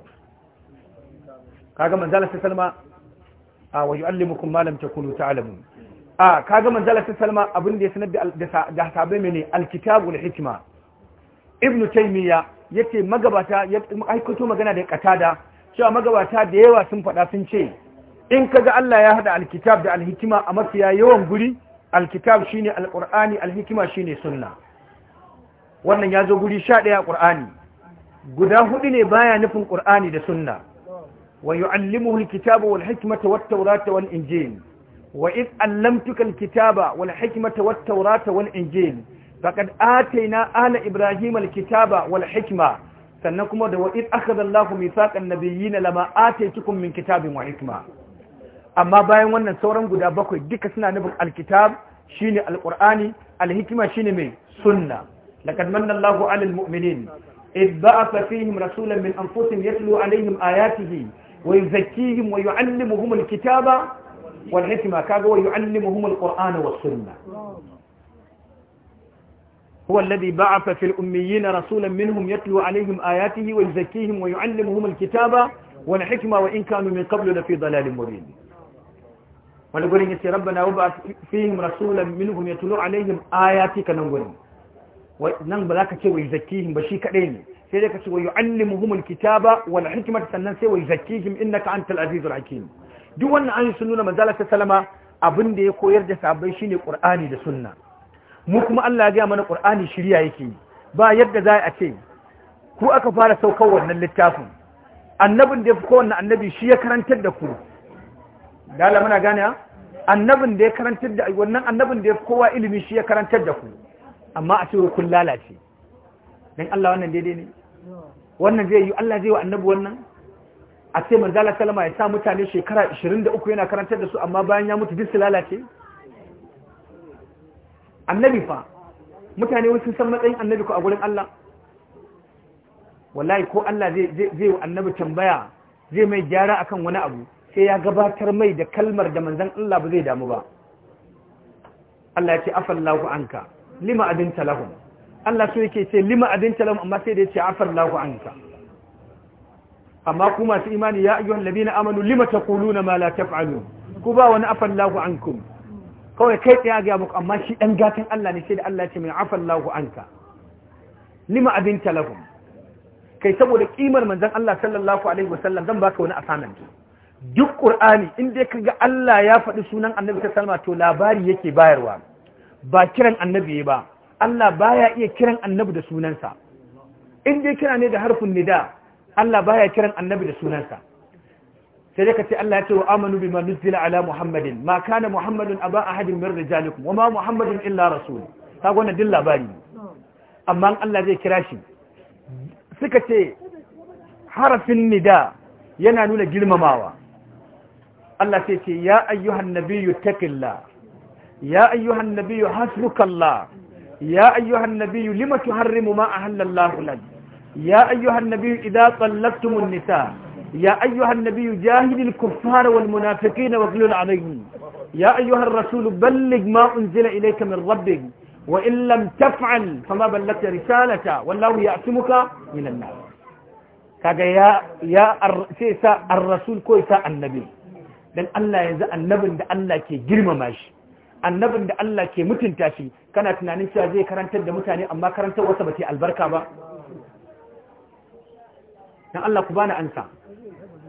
A: kaga manzon Allah sallama wa yuallimukum ma lam takunu ta'lamun a kaga manzala ta salma abin da ya sanar da sabai mene alkitabul hikima ibnu taymiya yace magabata ya aikato magana da katada cewa magabata da yawa sun faɗa sun ce in kaga Allah ya hada alkitab da alhikima a mafiya yawan guri alkitab shine alqur'ani alhikima shine sunna wannan ya zo guri sha ɗaya ƙur'ani guda huɗu ne baya nufin ƙur'ani da sunna wa yu'allimuhu alkitaba wal hikmata wat tawrata wal injil wa iz allamtuka alkitaba wal hikmata wat tawrata wal injil faqad atayna ala ibrahim alkitaba wal hikma sannan kuma da wa iz akhadha allahu mithaqan nabiyyin lama ataytukum min kitabin wa amma bayan wannan sauran guda bakwai duka suna nufin alkitab shine alqur'ani alhikma shine mai sunna laqad manna allahu ala almu'minin iz ba'atha fihim rasulan min anfusihim yatlu alayhim ayatihi ويزكيهم ويعلمهم الكتابة والحكمة كاغا يعلمهم القرآن والسنة هو الذي بعث في الأميين رسولا منهم يتلو عليهم آياته ويزكيهم ويعلمهم الكتاب والحكمة وإن كانوا من قبل لفي ضلال مبين ونقول إن ربنا وبعث فيهم رسولا منهم يتلو عليهم آياتك نقول نقول لك ويزكيهم بشيك عليهم سيدك ويعلمهم الكتاب والحكمة سننسي ويزكيهم إنك أنت العزيز الحكيم duk wannan yi sun nuna manzala ta salama abin da ya koyar da shi shine qur'ani da sunna mu kuma Allah ya gaya mana qur'ani shirya yake ba yadda za a ce ku aka fara saukar wannan littafin annabin da ya fi kowanne annabi shi ya karantar da ku dala muna gane annabin da ya karantar da wannan annabin da ya fi kowa ilimi shi ya karantar da ku amma a ce kun lalace dan Allah wannan daidai ne wannan zai yi Allah zai wa annabi wannan a ce manzala salama ya sa mutane shekara 23 yana karantar da su amma bayan ya mutu duk lalace annabi fa mutane wasu san matsayin annabi ko a gurin Allah wallahi ko Allah zai wa annabi tambaya zai mai gyara akan wani abu sai ya gabatar mai da kalmar da manzan Allah ba zai damu ba Allah ya ce an anka lima adin talahun Allah so yake ce lima adin talahun amma sai da ya ce an anka amma ku masu imani ya ayyuhan na amanu lima taquluna ma la taf'alun ku ba wani afallahu ankum kawai kai tsaya ga muku amma shi dan gatan Allah ne sai da Allah ya ce mai afallahu anka lima abinta lahum kai saboda kimar manzon Allah sallallahu alaihi wasallam zan baka wani assignment duk qur'ani in dai ga Allah ya faɗi sunan annabi sallallahu alaihi to labari yake bayarwa ba kiran annabi ba Allah baya iya kiran annabi da sunansa in dai kira ne da harfin nida Allah baya kiran annabi da sunansa sai dai ka ce Allah ya ce wa amanu bima nuzila ala muhammadin ma kana muhammadun aba ahadin min rijalikum wa ma muhammadun illa rasul kaga wannan din labari amma Allah zai kira shi suka ce harafin nida yana nuna girmamawa Allah sai ce ya ayyuhan nabiyyu taqillah ya ayyuhan nabiyyu hasbukallah ya ayyuhan nabiyyu lima tuharrimu ma ahallallahu lak يا أيها النبي إذا طلقتم النساء يا أيها النبي جاهد الكفار والمنافقين ya عليهم يا أيها الرسول بلغ ما أنزل إليك من ربك وإن لم تفعل فما بلغت رسالته والله يعصمك من النار kaga ya ya sa ar-rasul ko sa annabi dan Allah yanzu annabin da Allah ke girmama shi annabin da Allah ke mutunta shi kana tunanin cewa zai karantar da mutane amma karantar wasa ba ta albarka ba dan Allah ku bani ansa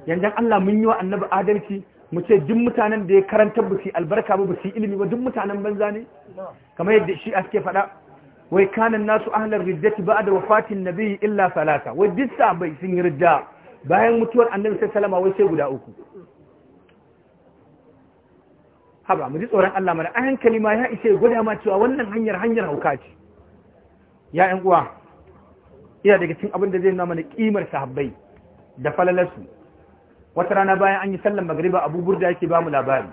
A: yanzu Allah mun yi wa annabi adalci mu ce duk mutanen da ya karantar ba su albarka ba ba su ilimi ba duk mutanen banza ne kamar yadda shi aske faɗa wai kanan nasu ahlar riddati ba da wafatin nabi illa salata wai duk sabai sun yi bayan mutuwar annabi sai salama wai sai guda uku haba mu ji tsoron Allah mana a hankali ma ya ishe gwada ma cewa wannan hanyar hanyar hauka ce ya ƴan uwa yana daga cikin abin da zai nuna mana kimar sahabbai da falalarsu wata rana bayan an yi sallan magariba abu burda yake ba mu labari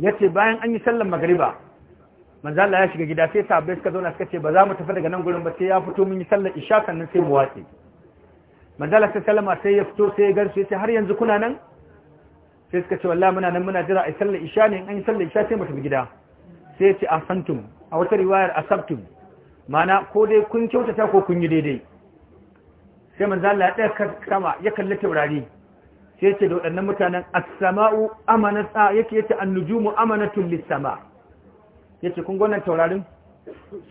A: yace bayan an yi sallan magariba manzo ya shiga gida sai sahabbai suka zauna suka ce ba za mu tafi daga nan gurin ba sai ya fito mun yi sallan isha sannan sai mu watse manzo Allah sai sallama sai ya fito sai ya garsu ce har yanzu kuna nan sai suka ce wallahi muna nan muna jira yi sallan isha ne in an yi sallan isha sai mu tafi gida sai ya ce asantum a wata riwayar asabtum mana ko dai kun kyautata ko kun yi daidai sai manzo Allah ya kama ya kalli taurari sai ce da waɗannan mutanen as-sama'u sa yake yace an-nujumu amanatun lis-sama yace kun gonan taurarin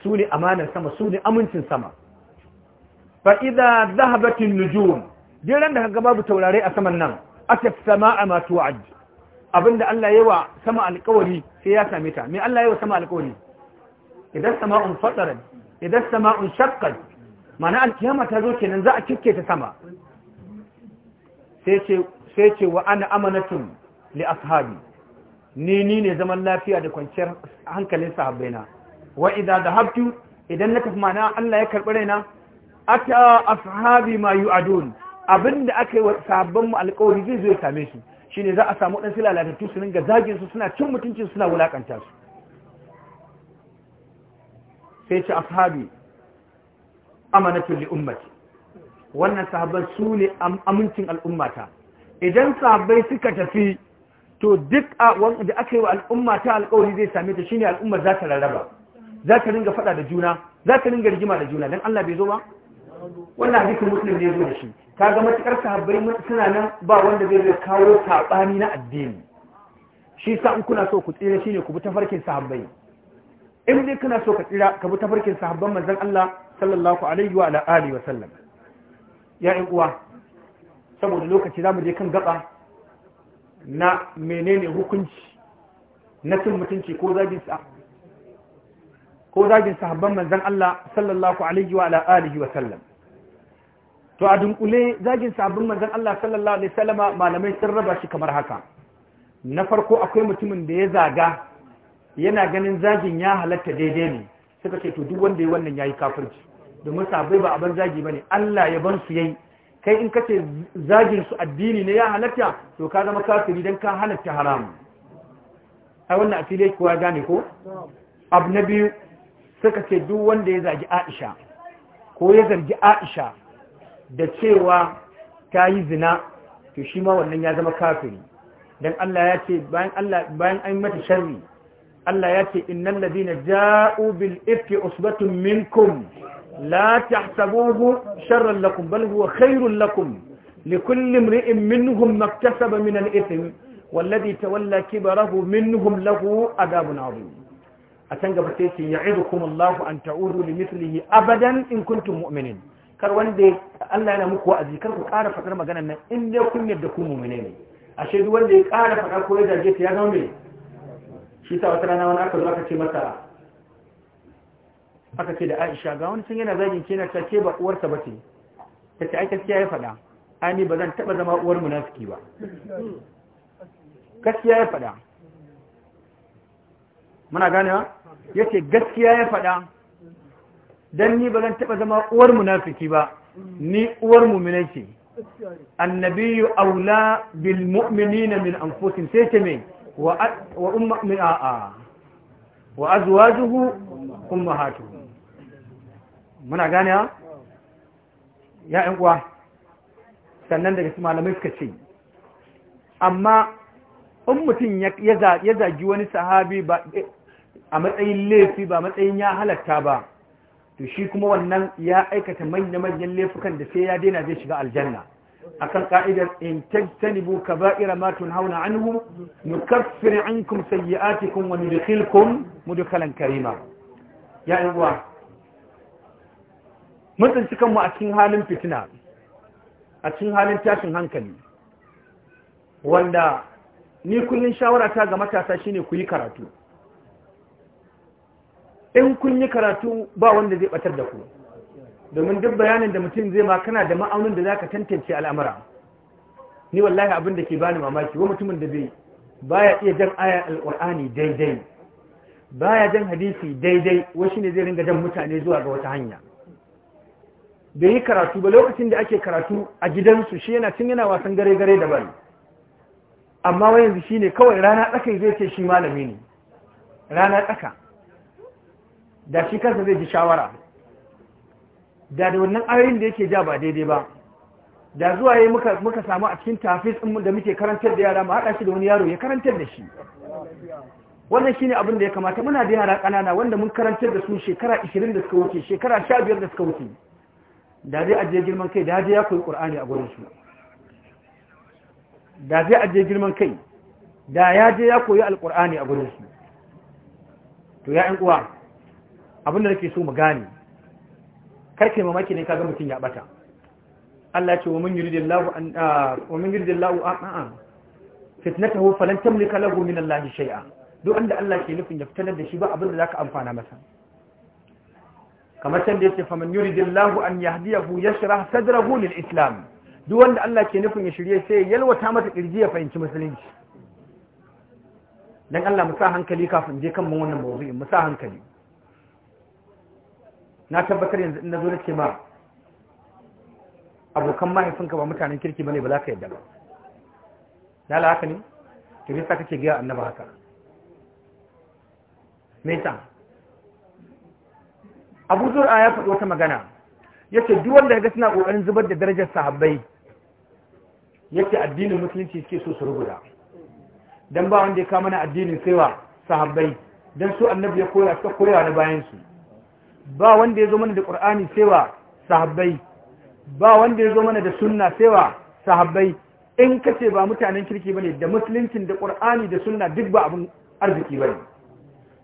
A: su ne amanar sama su ne amincin sama fa idza dhahabat an-nujum diran da kaga babu taurare a saman nan asaf sama'a ma tu'ad abinda Allah yawa sama alƙawari sai ya same ta me Allah yawa sama alƙawari idan sama'un fatarat idan sama'un shakkan mana alkiyama ta zo kenan za a cike ta sama sai ce wa ana amanatun li ashabi ni ni ne zaman lafiya da kwanciyar hankalin sahabbaina wa idza dhahabtu idan na tafi mana Allah ya karbi raina ata ashabi ma yu'adun abinda aka yi wa sahabban mu alƙawari zai zo ya same su shine za a samu dan silalatattu su ringa zagin su suna cin mutuncin suna wulakanta su sai ce ashabi amanatun li ummati wannan sahabban su ne amincin al'ummata idan sahabbai suka tafi to duk da aka yi wa al'ummata ta alƙawari zai same ta shine al'ummar za ta rarraba za ta ringa faɗa da juna za ta ringa rigima da juna dan Allah bai zo ba
B: wannan hadisin muslim ne zo da shi
A: kaga matukar sahabbai suna nan ba wanda zai zai kawo saɓani na addini shi sa in kuna so ku tsira shine ku bi tafarkin sahabbai in dai kana so ka tsira ka bi tafarkin sahabban manzon Allah sallallahu alaihi wa ala alihi wa sallam ya ƴan uwa saboda lokaci zamu je kan gaba na menene hukunci na cin mutunci ko zagin sa ko zagin sahabban manzon Allah sallallahu alaihi wa ala alihi wa sallam to a dunkule zagin sahabban manzon Allah sallallahu alaihi wa sallama malamai sun raba shi kamar haka na farko akwai mutumin da ya zaga yana ganin zagin ya halatta daidai ne suka ce to duk wanda ya wannan yayi kafirci domin sabai ba aban zagi bane Allah ya ban su yayi kai in kace zagin su addini ne ya halatta to ka zama kafiri dan ka halatta haram ai wannan ko ya gane ko abu biyu suka ce duk wanda ya zagi Aisha ko ya zargi Aisha da cewa ta yi zina to shi ma wannan ya zama kafiri dan Allah ya ce bayan Allah bayan an mata sharri Allah ya ce innal ladina ja'u bil ifki usbatun minkum la tahsabuhu sharran lakum bal huwa khairun lakum likulli imri'in minhum maktasaba min al ithm والذي تولى كبره منهم له عذاب عظيم أتنقى بسيتي يعظكم الله أن تعودوا لمثله abadan in كنتم مؤمنين kar wanda Allah yana muku wa'azi kar ku ƙara faɗar maganar nan in dai kun yadda ku mu'mine ne ashe duk wanda ya ƙara faɗa ko ya zage ta ya zama me shi sa wata rana wani aka zo aka ce masa aka ce da Aisha ga wani sun yana zagin ke na ta ce ba uwarsa ba ce ta ce ai kaskiya ya faɗa ani ba zan taɓa zama uwar munafiki ba gaskiya ya faɗa muna gane ya ce gaskiya ya faɗa don ni ba zan taɓa zama uwar munafiki ba ni uwar muminai ce annabiyu aula bil mu'minina min anfusin sai ce mai wa umma min a'a wa azwajuhu muna gane ya uwa sannan daga su malamai suka ce amma in mutum ya zagi wani sahabi eh, a matsayin laifi ba matsayin ya halatta ba to shi kuma wannan ya aikata manya-manyan laifukan da sai ya daina zai shiga aljanna akan ka'idar in tajtanibu kaba'ira ma tunhauna anhu nukaffir ankum sayyi'atikum wa nudkhilkum mudkhalan karima ya uwa, mun cikan mu a cikin halin fitina a cikin halin tashin hankali wanda ni kullun shawara ta ga matasa shine ku yi karatu in kun yi karatu ba wanda zai batar da ku domin duk bayanin da mutum zai ma kana da ma'aunin da za ka tantance al'amura ni wallahi abin da ke bani mamaki wa mutumin da bai baya iya jan ayar al’ur'ani daidai baya jan hadisi daidai wa ne zai ringa jan mutane zuwa ga wata hanya bai yi karatu ba lokacin da ake karatu a gidansu shi yana cin yana wasan gare gare daban amma wa yanzu ne kawai rana tsaka zai ce shi malami ne rana tsaka da shi kansa zai ji shawara da da wannan ayoyin da yake ja ba daidai ba da zuwa yi muka muka samu a cikin tafis da muke karantar da yara mu haɗa shi da wani yaro ya karantar da shi wannan shi ne abin da ya kamata muna da yara ƙanana, wanda mun karantar da su shekara 20 da suka wuce shekara 15 da suka wuce da zai ajiye girman kai da zai ya koyi ƙur'ani a gurin su da zai ajiye girman kai da ya je ya koyi Alƙur'ani a gurin su to ya ƴan uwa abin da nake so mu gane karke mamaki ne kaga mutum ya bata Allah ce wa mun yuridillahu an wa mun yuridillahu an an fitnatahu falan tamlika lahu min Allah shay'a duk wanda Allah ke nufin ya fitar da shi ba abin da zaka amfana masa kamar sanda da yake fa man yuridillahu an yahdiyahu yashrah sadrahu lil islam duk wanda Allah ke nufin ya shirye sai yalwata mata kirji ya fahimci musulunci dan Allah mu sa hankali kafin je kan wannan mawdu'in mu sa hankali na tabbatar yanzu in na zo na ce ma abokan mahaifinka ba mutanen kirki bane ba za ka yadda ba lala haka ne to me yasa kake ga annaba haka me yasa Abu Zur'a ya faɗi wata magana yace duk wanda ya ga suna kokarin zubar da darajar sahabbai yace addinin musulunci suke so su rubuta dan ba wanda ya kama na addinin saiwa sahabbai dan su annabi ya koya suka koya na bayan su ba wanda ya zo mana da ƙur'ani sewa sahabbai ba wanda ya zo mana da sunna sewa sahabbai in ka ce ba mutanen kirki bane da musuluncin da ƙur'ani da sunna duk ba abin arziki bane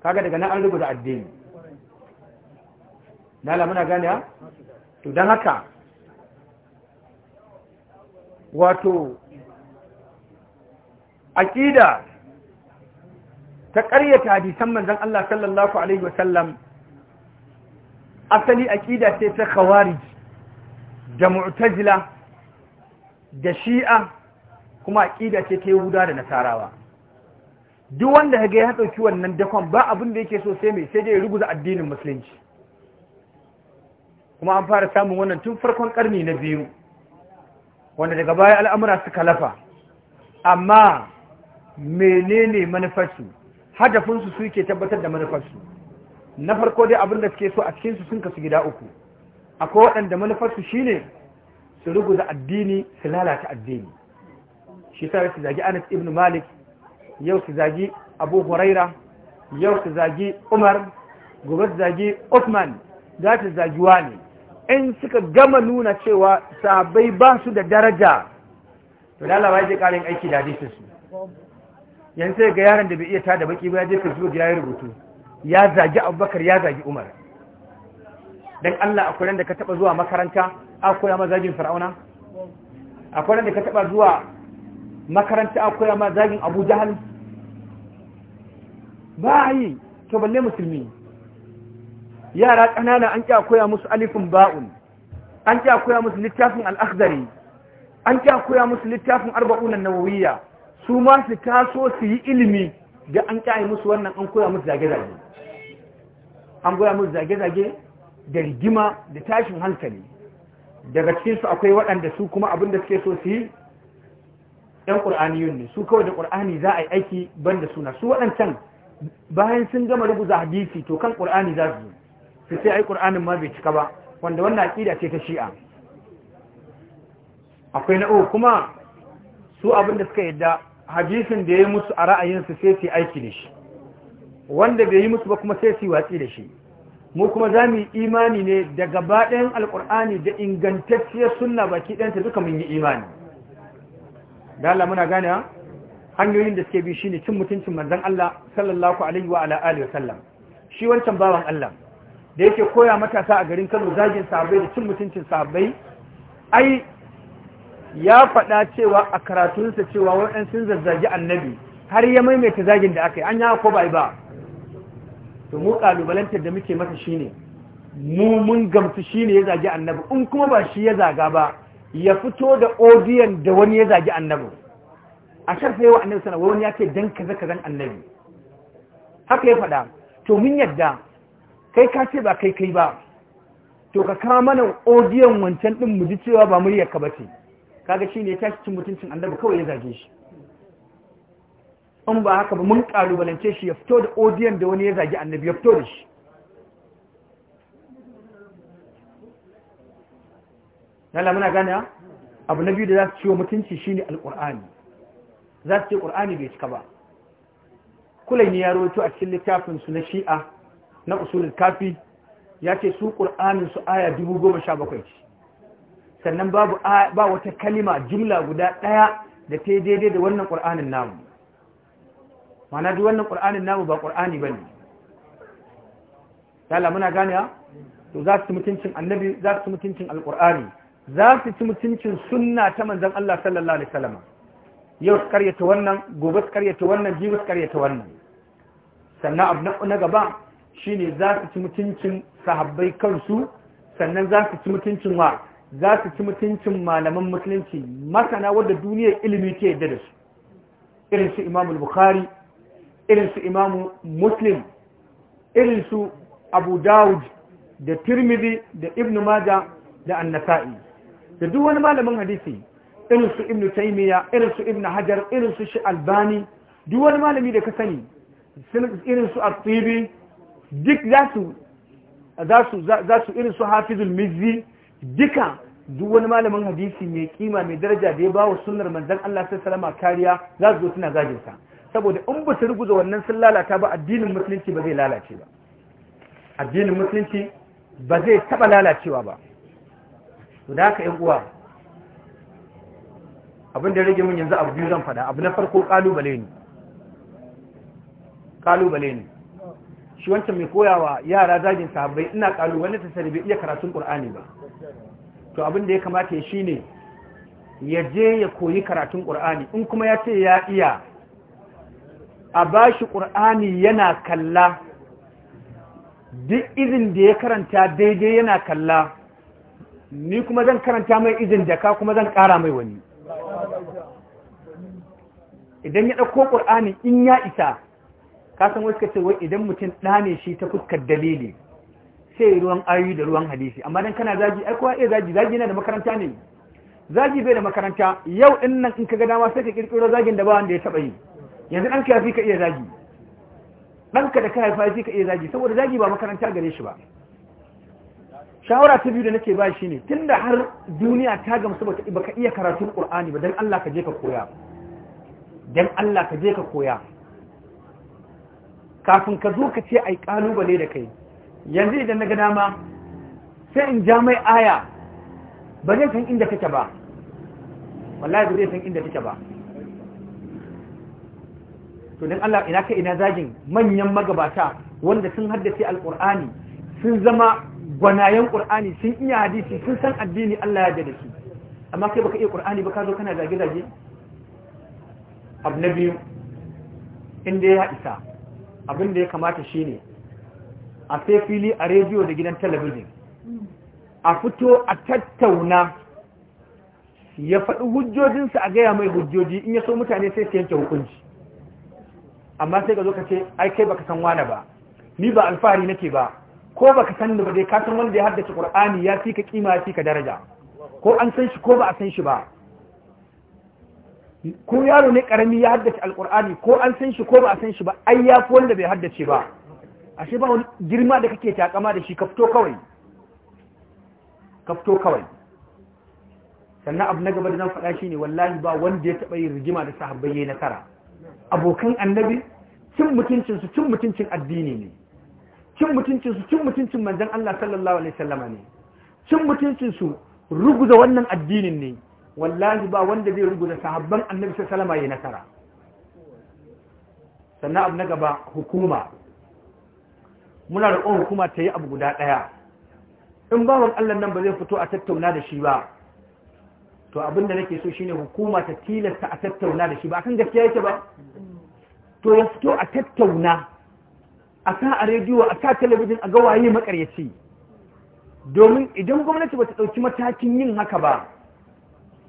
A: kaga daga nan an rubuta addini nala muna gane ha to don haka wato aƙida ta ƙaryata hadisan manzon Allah sallallahu alaihi wasallam asali aƙida ce ta khawarij da mu'tazila da shi'a kuma aƙida ce ta yahuda da nasarawa duk wanda ga ya ɗauki wannan dakon ba abin da yake so sai mai sai dai ruguza addinin musulunci kuma an fara samun wannan tun farkon ƙarni na biyu wanda daga baya al'amura suka lafa amma menene manufarsu hadafinsu suke tabbatar da manufarsu na farko dai abin da suke so a cikin su sun kasu gida uku akwai waɗanda manufarsu shine su ruguza addini su lalata addini shi sai su zagi Anas ibn Malik yau su zagi Abu Huraira yau su zagi Umar gobe su zagi Uthman za su zagi wani in suka gama nuna cewa sahabbai ba su da daraja
B: to da ya ya karin aiki
A: da hadisin su yanzu ga yaron da bai iya tada baki ba ya je gida ya yi rubutu ya zagi abubakar ya zagi umar don allah akwai ran da ka taba zuwa makaranta a koya ma zagin fir'auna akwai ran da ka taba zuwa makaranta a koya ma zagin abu jahal ba yi to balle musulmi yara kanana an kya koya musu alifin ba'un an kya koya musu littafin al'akhdari an kya koya musu littafin arba'unan nawawiyya su ma su taso su yi ilimi da an yi musu wannan an koya musu zage-zage an goya musu zage-zage da rigima da tashin hankali daga cikinsu akwai waɗanda su kuma abin da suke so su yi ‘yan ƙur'aniyun ne su kawai da ƙur'ani za a yi aiki ban da suna su waɗancan bayan sun gama rubuta hadisi to kan ƙur'ani za su su sai ai ƙur'anin ma bai cika ba wanda wannan aƙida ce ta shi'a akwai uku kuma su abin da suka yadda hadisin da ya yi musu a ra'ayinsu sai su yi aiki da shi wanda bai yi musu ba kuma sai su watsi da shi mu kuma za mu yi imani ne da gabaɗayan alƙur'ani da ingantacciyar sunna baki ɗanta duka mun yi imani da Allah muna gane hanyoyin da suke bi shine cin mutuncin manzon Allah sallallahu alaihi wa ala alihi wasallam shi wancan bawan Allah da yake koya matasa a garin Kano zagin sahabbai da cin mutuncin sahabbai ai ya faɗa cewa a karatunsa cewa waɗansu sun zazzagi annabi har ya maimaita zagin da aka yi an yi ko bai ba to mu kalubalantar da muke masa shine mu mun gamsu shine ya zagi annabi in kuma ba shi ya zaga ba ya fito da odiyan da wani ya zagi annabi a sharfe wa annabi sana wani ya ce dan kaza kazan annabi haka ya faɗa to mun yadda kai ka ce ba kai kai ba to ka kama mana odiyan wancan din mu ji cewa ba muryar ka bace kaga shine ya tashi cin mutuncin annabi kawai ya zage shi in ba haka ba mun kalubalance shi ya fito da odiyan da wani ya zagi annabi ya fito da shi yalla muna gane abu na biyu da za su ciwo mutunci shi ne Alƙur'ani za su ce qur'ani bai cika ba kulai ne ya rawaito a cikin littafin su na shi'a na usulul kafi ya ce su qur'anin su aya 1017 ce sannan babu ba wata kalima jumla guda ɗaya da ta daidai da wannan qur'anin namu mana duk wannan qur'anin namu ba qur'ani bane yala muna gane to za su ci mutuncin annabi za su ci mutuncin alqur'ani za su ci mutuncin sunna ta manzan Allah sallallahu alaihi wasallam yau su karyata wannan gobe su karyata wannan jibi su karyata wannan sannan abu na gaba shine za su ci mutuncin sahabbai kansu sannan za su ci mutuncin wa za su ci mutuncin malaman musulunci masana wadda duniyar ilimi ke yadda da su irin su imamul bukhari irin su imamu muslim irin su abu dawud da tirmidhi da ibnu maja da annasa'i da duk wani malamin hadisi irin su ibnu taymiya irin su ibnu hajar irin su shi albani duk wani malami da ka sani irin su at-tibi duk za su za irin su hafizul mizzi duka duk wani malamin hadisi mai kima mai daraja da ya ba wa sunnar manzon Allah sallallahu alaihi wasallam kariya za su zo suna gajinsa saboda in ba su ruguza wannan sun lalata ba addinin musulunci ba zai lalace ba addinin musulunci ba zai taba lalacewa ba to da haka uwa abin da rage min yanzu abu zan faɗa abu na farko kalubale ne kalubale ne shi wancan mai koyawa yara zagin sahabbai ina kalubale ta sani bai iya karatun ƙur'ani ba to abin da ya kamata shi ne ya je ya koyi karatun ƙur'ani in kuma ya ce ya iya a bashi ƙur'ani yana kalla duk izin da ya karanta daidai yana kalla ni kuma zan karanta mai izin da ka kuma zan ƙara mai wani idan ya ɗauko ƙur'ani in ya isa kasan wasu kacewa idan mutum ɗane shi ta fuskar dalili sai ruwan ayoyi da ruwan hadisi amma dan kana zagi ai kowa iya zagi zagi yana da makaranta ne zagi bai da makaranta yau ɗin nan in ka ga dama sai ka ƙirƙiro zagin da ba wanda ya taɓa yi yanzu ɗanka ya fi ka iya zagi ɗanka da ka haifa ya fi ka iya zagi saboda zagi ba makaranta gare shi ba shawara ta biyu da nake ba shi ne tun da har duniya ta gamsu ba ka iya karatun ƙur'ani ba dan Allah ka je ka koya dan Allah ka je ka koya kafin ka zo ka ce ai da kai yanzu idan na ga dama sai in ja mai aya ba zai san inda kake ba wallahi ba zai san inda kake ba to dan Allah ina ka ina zagin manyan magabata wanda sun haddace alqur'ani sun zama gwanayen qur'ani sun iya hadisi sun san addini Allah ya ga da shi amma kai baka iya qur'ani ba ka zo kana zage zage abnabi inda ya isa abin da ya kamata shine a sai fili a rediyo da gidan talabijin a fito a tattauna ya faɗi hujjojinsa a gaya mai hujjoji in ya so mutane sai su yanke hukunci amma sai ka zo ka ce ai kai baka san wani ba ni ba alfahari nake ba ko baka san da ba dai ka san wanda ya haddace Qur'ani ya fi ka kima ya fi ka daraja ko an san shi ko ba a san shi ba ko yaro ne karami ya haddace alqur'ani ko an san shi ko ba a san shi ba ai ya fi wanda bai haddace ba ashe ba wani girma da kake takama da shi ka kawai ka kawai sannan abu na gaba da zan faɗa shi ne wallahi ba wanda ya taɓa yin rigima da sahabbai ya nasara abokan annabi cin mutuncinsu cin mutuncin addini ne cin mutuncinsu cin mutuncin manzan Allah sallallahu alaihi sallama ne cin mutuncinsu ruguza wannan addinin ne wallahi ba wanda zai ruguza sahabban annabi salama ya nasara sannan abu na gaba hukuma muna da roƙon hukuma ta yi abu guda ɗaya in bawan Allah nan ba zai fito a tattauna da shi ba to abin da nake so shine hukuma ta tilasta a tattauna da shi ba kan gaskiya yake ba to ya fito a tattauna a sa a rediyo a sa talabijin a gawaye makaryaci domin idan gwamnati ba ta ɗauki matakin yin haka ba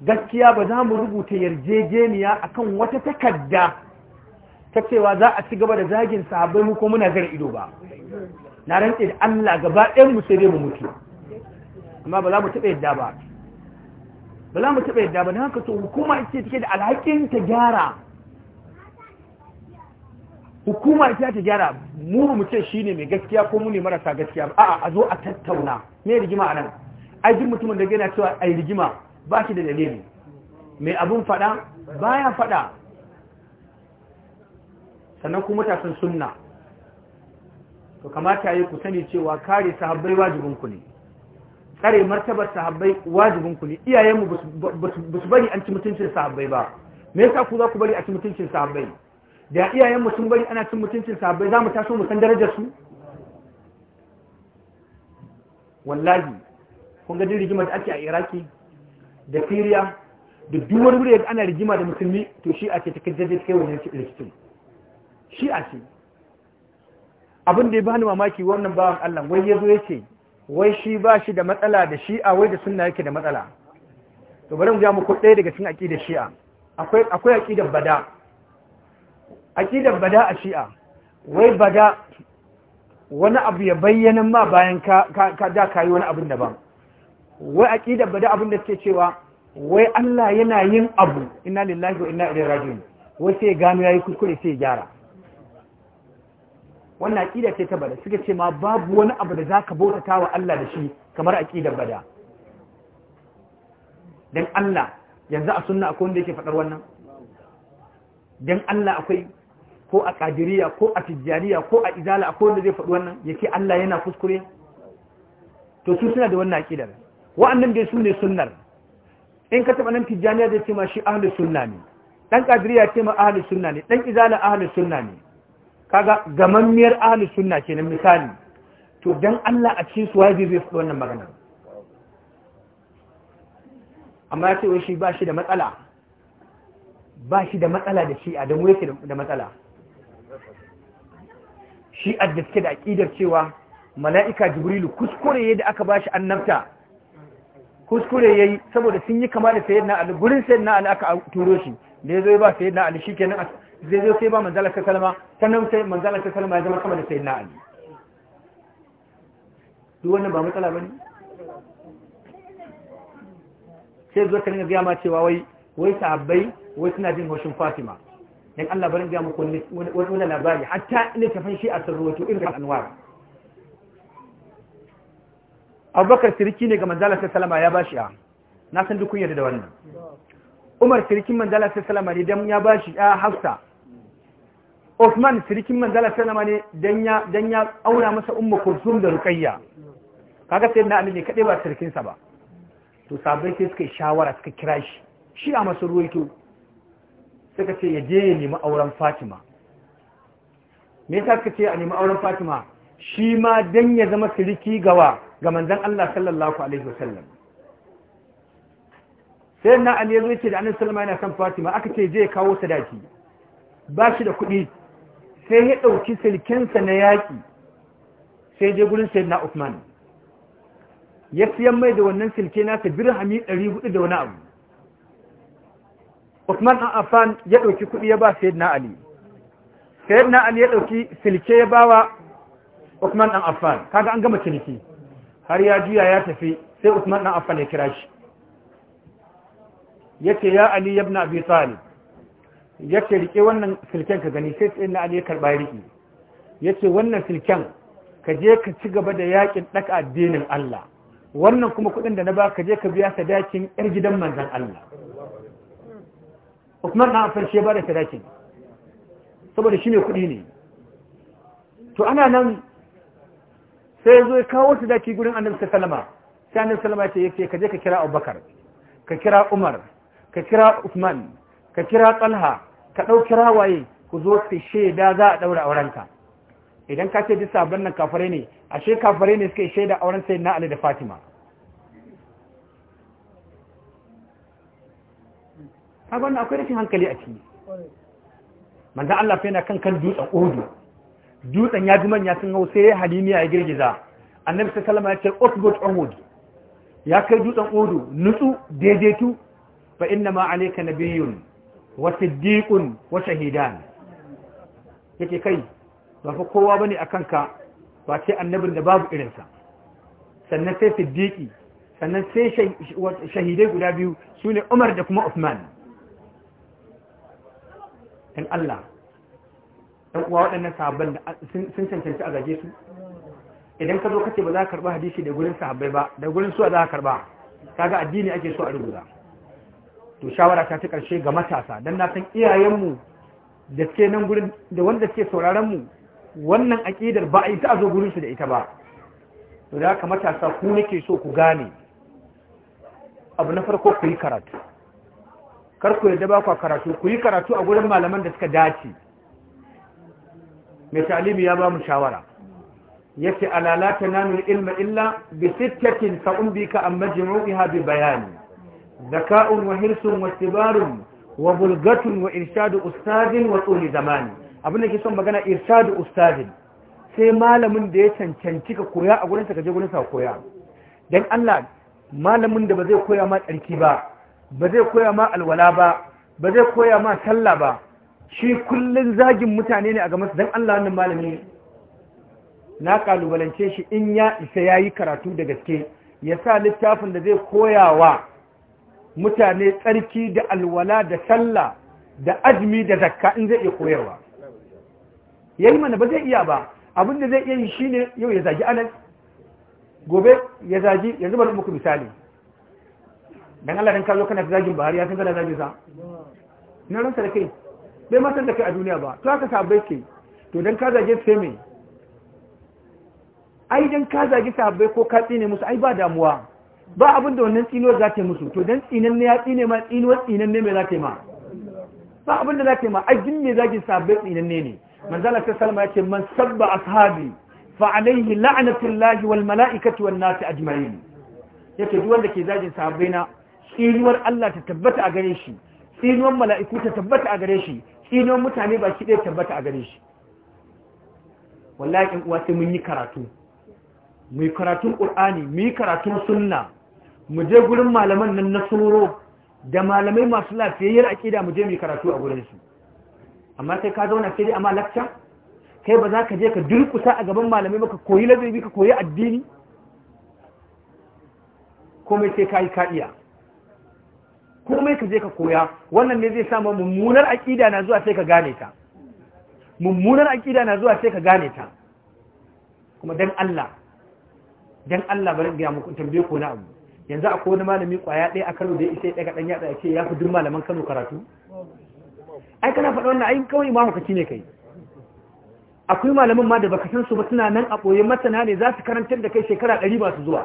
A: gaskiya ba za mu rubuta yarjejeniya a kan wata takarda ta cewa za a ci gaba da zagin sahabbai mu ko muna zara ido ba na rantse da Allah gaba ɗayan mu sai dai mu mutu amma ba za mu taɓa yadda ba ba za mu taɓa yadda ba don haka to hukuma ita take da alhakin ta gyara hukuma ita ta gyara mu mu ce shine mai gaskiya ko mu ne marasa gaskiya ba a'a a zo a tattauna me rigima anan ai duk mutumin da yana cewa ai rigima ba shi da dalili mai abun fada baya fada sannan kuma matasan sunna to kamata yi ku sani cewa kare sahabbai wajibin ku ne tsare martabar sahabbai wajibin ku ne iyayenmu ba su bari an ci mutuncin sahabbai ba me yasa ku za ku bari a ci mutuncin sahabbai da iyayen mutum bari ana cin mutuncin sabai za mu taso mu san darajar su wallahi kun ga rigima da ake a iraki da syria da duwar wuri ana rigima da musulmi to shi a ce ta kajjaje kai wajen rikicin shi a ce abin da ya bani mamaki wannan bawan Allah wai ya zo ya ce wai shi ba shi da matsala da shi'a wai da sunna yake da matsala to bari mu ja muku ɗaya daga cikin aƙidar shi'a akwai akwai aqidar bada aƙidar bada a shi'a wai bada wani abu ya bayyana ma bayan ka da kayi wani abin da ba wai aƙidar bada abin da suke cewa wai Allah yana yin abu inna lillahi wa ina ilaihi raji'un wai sai gano yayi kuskure sai gyara wannan aƙida ce ta bada suka ce ma babu wani abu da zaka bautata wa Allah da shi kamar aƙidar bada dan Allah yanzu a sunna akwai wanda yake faɗar wannan dan Allah akwai ko a ƙadiriya, ko a tijjaniya ko a izala ko wanda zai faɗi wannan yake Allah yana kuskure to su suna da wannan aƙidar wa'annan dai su ne sunnar in ka taɓa nan tijjaniya zai ce ma shi ahalin sunna ne Ɗan ƙadiriya ce ma ahalin sunna ne dan izala ahalin sunna ne kaga gamammiyar ahalin sunna kenan misali to dan Allah a cikin su waje zai faɗi wannan magana amma ya ce wai shi ba shi da matsala ba shi da matsala da a don wuce da matsala shi a gaske da aƙidar cewa mala'ika jibrilu kuskure yadda aka ba shi annabta kuskure ya yi saboda sun yi kama da sayyidina ali gurin sayyidina ali aka turo shi da ya zo ya ba sayyidina ali shi kenan zai zo sai ba manzala ta salama nan sai manzala ta salama ya zama kama da sayyidina ali duk wannan ba matsala ba ne sai zo ka ringa gaya ma cewa wai sahabbai wai suna jin haushin fatima dan Allah barin ga muku wani labari hatta ta fanshi a sarwato irin anwar abubakar sirki ne ga manzala sai salama ya bashi a na san duk yarda da wannan umar sirkin manzala sai salama ne dan ya bashi a hafsa Osman sirkin manzala sai salama ne dan ya dan ya aura masa ummu kulsum da ruqayya kaga sai na ne kade ba sirkin sa ba to sabai sai suka shawara suka kira shi shi a masu ruwaito suka ce ya je ya nemi auren fatima me yasa suka ce a nemi auren fatima shi ma dan ya zama siriki gawa ga manzan Allah sallallahu alaihi wasallam sai na ali yazo ce da annabi salama yana kan fatima aka ce je kawo sadaki ba shi da kuɗi sai ya ɗauki silkensa na yaƙi sai je gurin na Usman. ya siyan mai da wannan silke nasa ɗari 400 da wani abu Usman ɗan Affan ya ɗauki kuɗi ya ba Sayyidina Ali. Sayyidina Ali ya ɗauki silke ya bawa Usman ɗan Affan, kaga an gama ciniki. Har ya juya ya tafi sai Usman ɗan Affan ya kira shi. Ya ce ya Ali ya abin Abi Talib. ce riƙe wannan silken ka gani sai Sayyidina Ali ya karɓa ya Ya ce, wannan silken ka je ka ci gaba da yakin ɗaka addinin Allah. Wannan kuma kuɗin da na ba ka je ka biya sadakin 'yar gidan manzan Allah. Usman na amfani shi ba da sadakin saboda shi ne kuɗi ne to ana nan sai zo ya kawo sadaki gurin annabi sallama sai annabi sallama ce yake ka je ka kira Abubakar ka kira Umar ka kira Usman ka kira Talha ka ɗau waye ku zo ku shaida za a ɗaura aurenka idan ka ce duk sabon nan kafare ne ashe kafare ne suka shaida auren na Ali da Fatima kaga wannan akwai rashin hankali a ciki manzan Allah fa yana kan kan dutsen Uhud dutsen ya ji manya sun hau sai halimiya ya girgiza annabi sallallahu alaihi wasallam ya ce utbut Uhud ya kai dutsen Uhud nutsu daidaitu fa inna ma alayka nabiyyun wa siddiqun wa shahidan yake kai ba fa kowa bane akan ka ba ce annabin da babu irinsa sannan sai siddiqi sannan sai shahidai guda biyu sune Umar da kuma Uthman In Allah dan uwa waɗannan sahabban da sun cancanci a gaje su idan ka zo kace ba za ka karba hadisi da gurin sahabbai ba da gurin su za ka karba kaga addini ake so a rubuta to shawara ta ta karshe ga matasa dan na san iyayenmu da suke nan gurin da wanda suke sauraron mu wannan aƙidar ba a yi ta zo gurinsu da ita ba to da ka matasa ku nake so ku gane abu na farko ku yi karatu kar ku yadda ba ku karatu ku yi karatu a gurin malaman da suka dace mai talibi ya ba mu shawara yace na nuna ilma illa bi sittatin ka, umbika am majmu'iha bi bayani zaka'un wa hirsun wa istibarun wa bulgatun wa irshadu ustadin wa tsoli zamani abin da ke son magana irshadu ustadin sai malamin da ya cancanci ka koya a sa ka je sa koya don Allah malamin da ba zai koya ma tsarki ba ba zai koya ma alwala ba ba zai koya ma sallah ba shi kullum zagin mutane ne a ga masu don Allah wannan malami na kalubalance shi in ya isa ya yi karatu da gaske ya sa littafin da zai koya wa mutane tsarki da alwala da sallah da azumi da zakka in zai iya koyarwa yi mana ba zai iya ba abin da zai iya yi ne yau ya zagi anas gobe ya zagi yanzu bari muku misali dan Allah dan ka zo kana zagin Buhari ya san kana zagin sa na sa da kai bai ma san da kai a duniya ba to haka sabai ke to dan ka zage sai me ai dan ka zage sabai ko ka tsine musu ai ba damuwa ba abin da wannan tsinuwar za ta musu to dan tsinan ne ya tsine ma tsinuwar tsinan ne mai za ta ma ba abin da za ta ma ai jin me zagin sabai tsinan ne ne manzala ta salma ya ce man sabba ashabi fa alaihi la'natullahi wal mala'ikati wan nasi ajma'in yake duk wanda ke zagin sahabbai na tsinuwar Allah ta tabbata a gare shi tsinuwar mala'iku ta tabbata a gare shi tsinuwar mutane ba shi ɗaya tabbata a gare shi wallahi uwa sai mun yi karatu mu yi karatun ƙur'ani mu yi karatun sunna mu je gurin malaman nan na tsoro da malamai masu lafiyayyar ƙida mu je mu yi karatu a gurin su amma sai ka zauna sai dai amma lakca kai ba za ka je ka durkusa a gaban malamai ba ka koyi ladabi ka koyi addini komai sai ka yi ka komai ka je ka koya wannan ne zai sa ma mummunar aƙida na zuwa sai ka gane ta mummunar aƙida na zuwa sai ka gane ta kuma dan Allah dan Allah bari ga muku tambaye ko na abu yanzu akwai wani malami kwaya ɗaya a Kano da ya isa ya dan yada ce ya fi duk malaman Kano karatu ai kana faɗa wannan ai kawai imamu ka ne kai akwai malamin ma da baka san su ba suna nan a ɓoye masana ne za su karantar da kai shekara ɗari ba su zuwa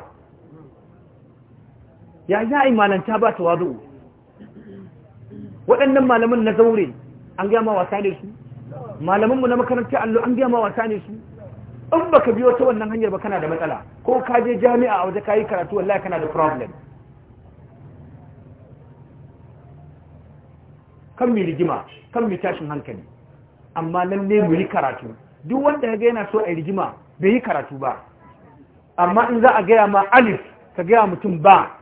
A: ya za a yi malanta ba ta wazo waɗannan malaman na zaure an gaya ma wasa ne su malamanmu na makarantar allo an gaya ma wasa ne su in ba ka biyo ta wannan hanyar ba kana da matsala ko ka je jami'a a waje ka yi karatu wallahi kana da problem kan mi rigima kan mi tashin hankali amma nan ne mu yi karatu duk wanda ya ga yana so a rigima bai yi karatu ba amma in za a gaya ma alif ka gaya mutum ba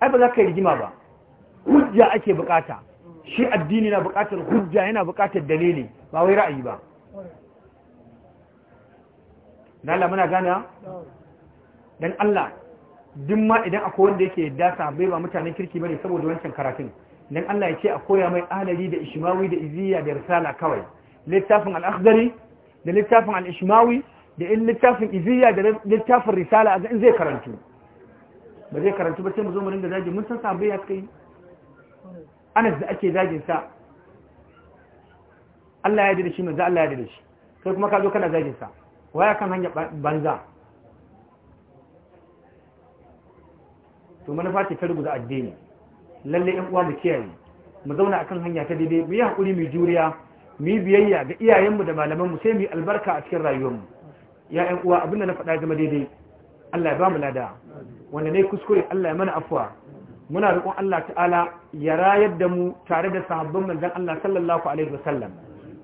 A: ai ba za ka yi rigima ba hujja ake bukata shi addini na bukatar hujja yana bukatar dalili ba wai ra'ayi ba na Allah muna gana dan Allah duk ma idan akwai wanda yake yadda bai ba mutanen kirki bane saboda wancan karatun dan Allah ya ce a koya mai alali da ishmawi da iziya da risala kawai littafin al-akhdari da littafin al-ishmawi da in littafin iziya da littafin risala a in zai karantu ba zai karantu ba sai mu zo mu dinga zagi mun san sahabbai ya kai anas da ake zagin sa Allah ya da shi manzo Allah ya da shi kai kuma ka zo kana zagin sa waya kan hanya banza to manufa ce ka rubuta addini lalle yan uwa mu kiyaye mu zauna akan hanya ta daidai mu yi hakuri mu juriya mu yi biyayya ga iyayenmu da mu sai mu yi albarka a cikin rayuwarmu ya yan uwa da na faɗa zama daidai Allah ya ba mu lada wanda ne kuskure Allah ya mana afuwa muna roƙon Allah ta'ala ya rayar da mu tare da sahabban manzon Allah sallallahu alaihi wasallam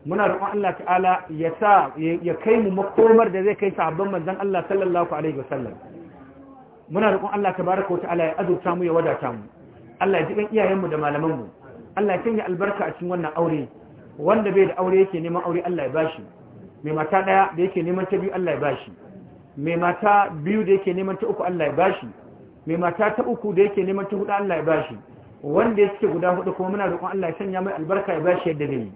A: muna roƙon Allah ta'ala ya sa ya kai mu makomar da zai kai sahabban manzon Allah sallallahu alaihi wasallam muna roƙon Allah tabaraka wa ta'ala ya azurta mu ya wadata mu Allah ya ji iyayen mu da malaman mu Allah ya sanya albarka a cikin wannan aure wanda bai da aure yake neman aure Allah ya bashi mai mata daya da yake neman ta biyu Allah ya bashi mai mata biyu da yake neman ta uku Allah ya bashi mai mata ta uku da yake neman ta hudu Allah ya bashi wanda ya suke guda hudu kuma muna roƙon Allah ya sanya mai albarka ya bashi yadda zai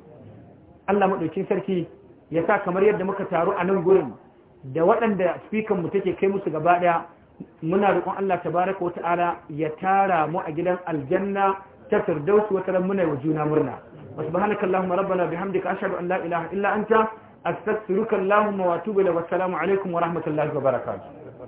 A: Allah madaukin sarki ya sa kamar yadda muka taru a nan gurin da waɗanda fikan mu take kai musu gaba ɗaya muna roƙon Allah tabaraka wata'ala ya tara mu a gidan aljanna ta firdausu wata ran muna wa juna murna wa subhanaka allahumma rabbana bihamdika ashhadu an la ilaha illa anta astaghfiruka allahumma wa atubu ilayk wa assalamu alaikum wa rahmatullahi wa barakatuh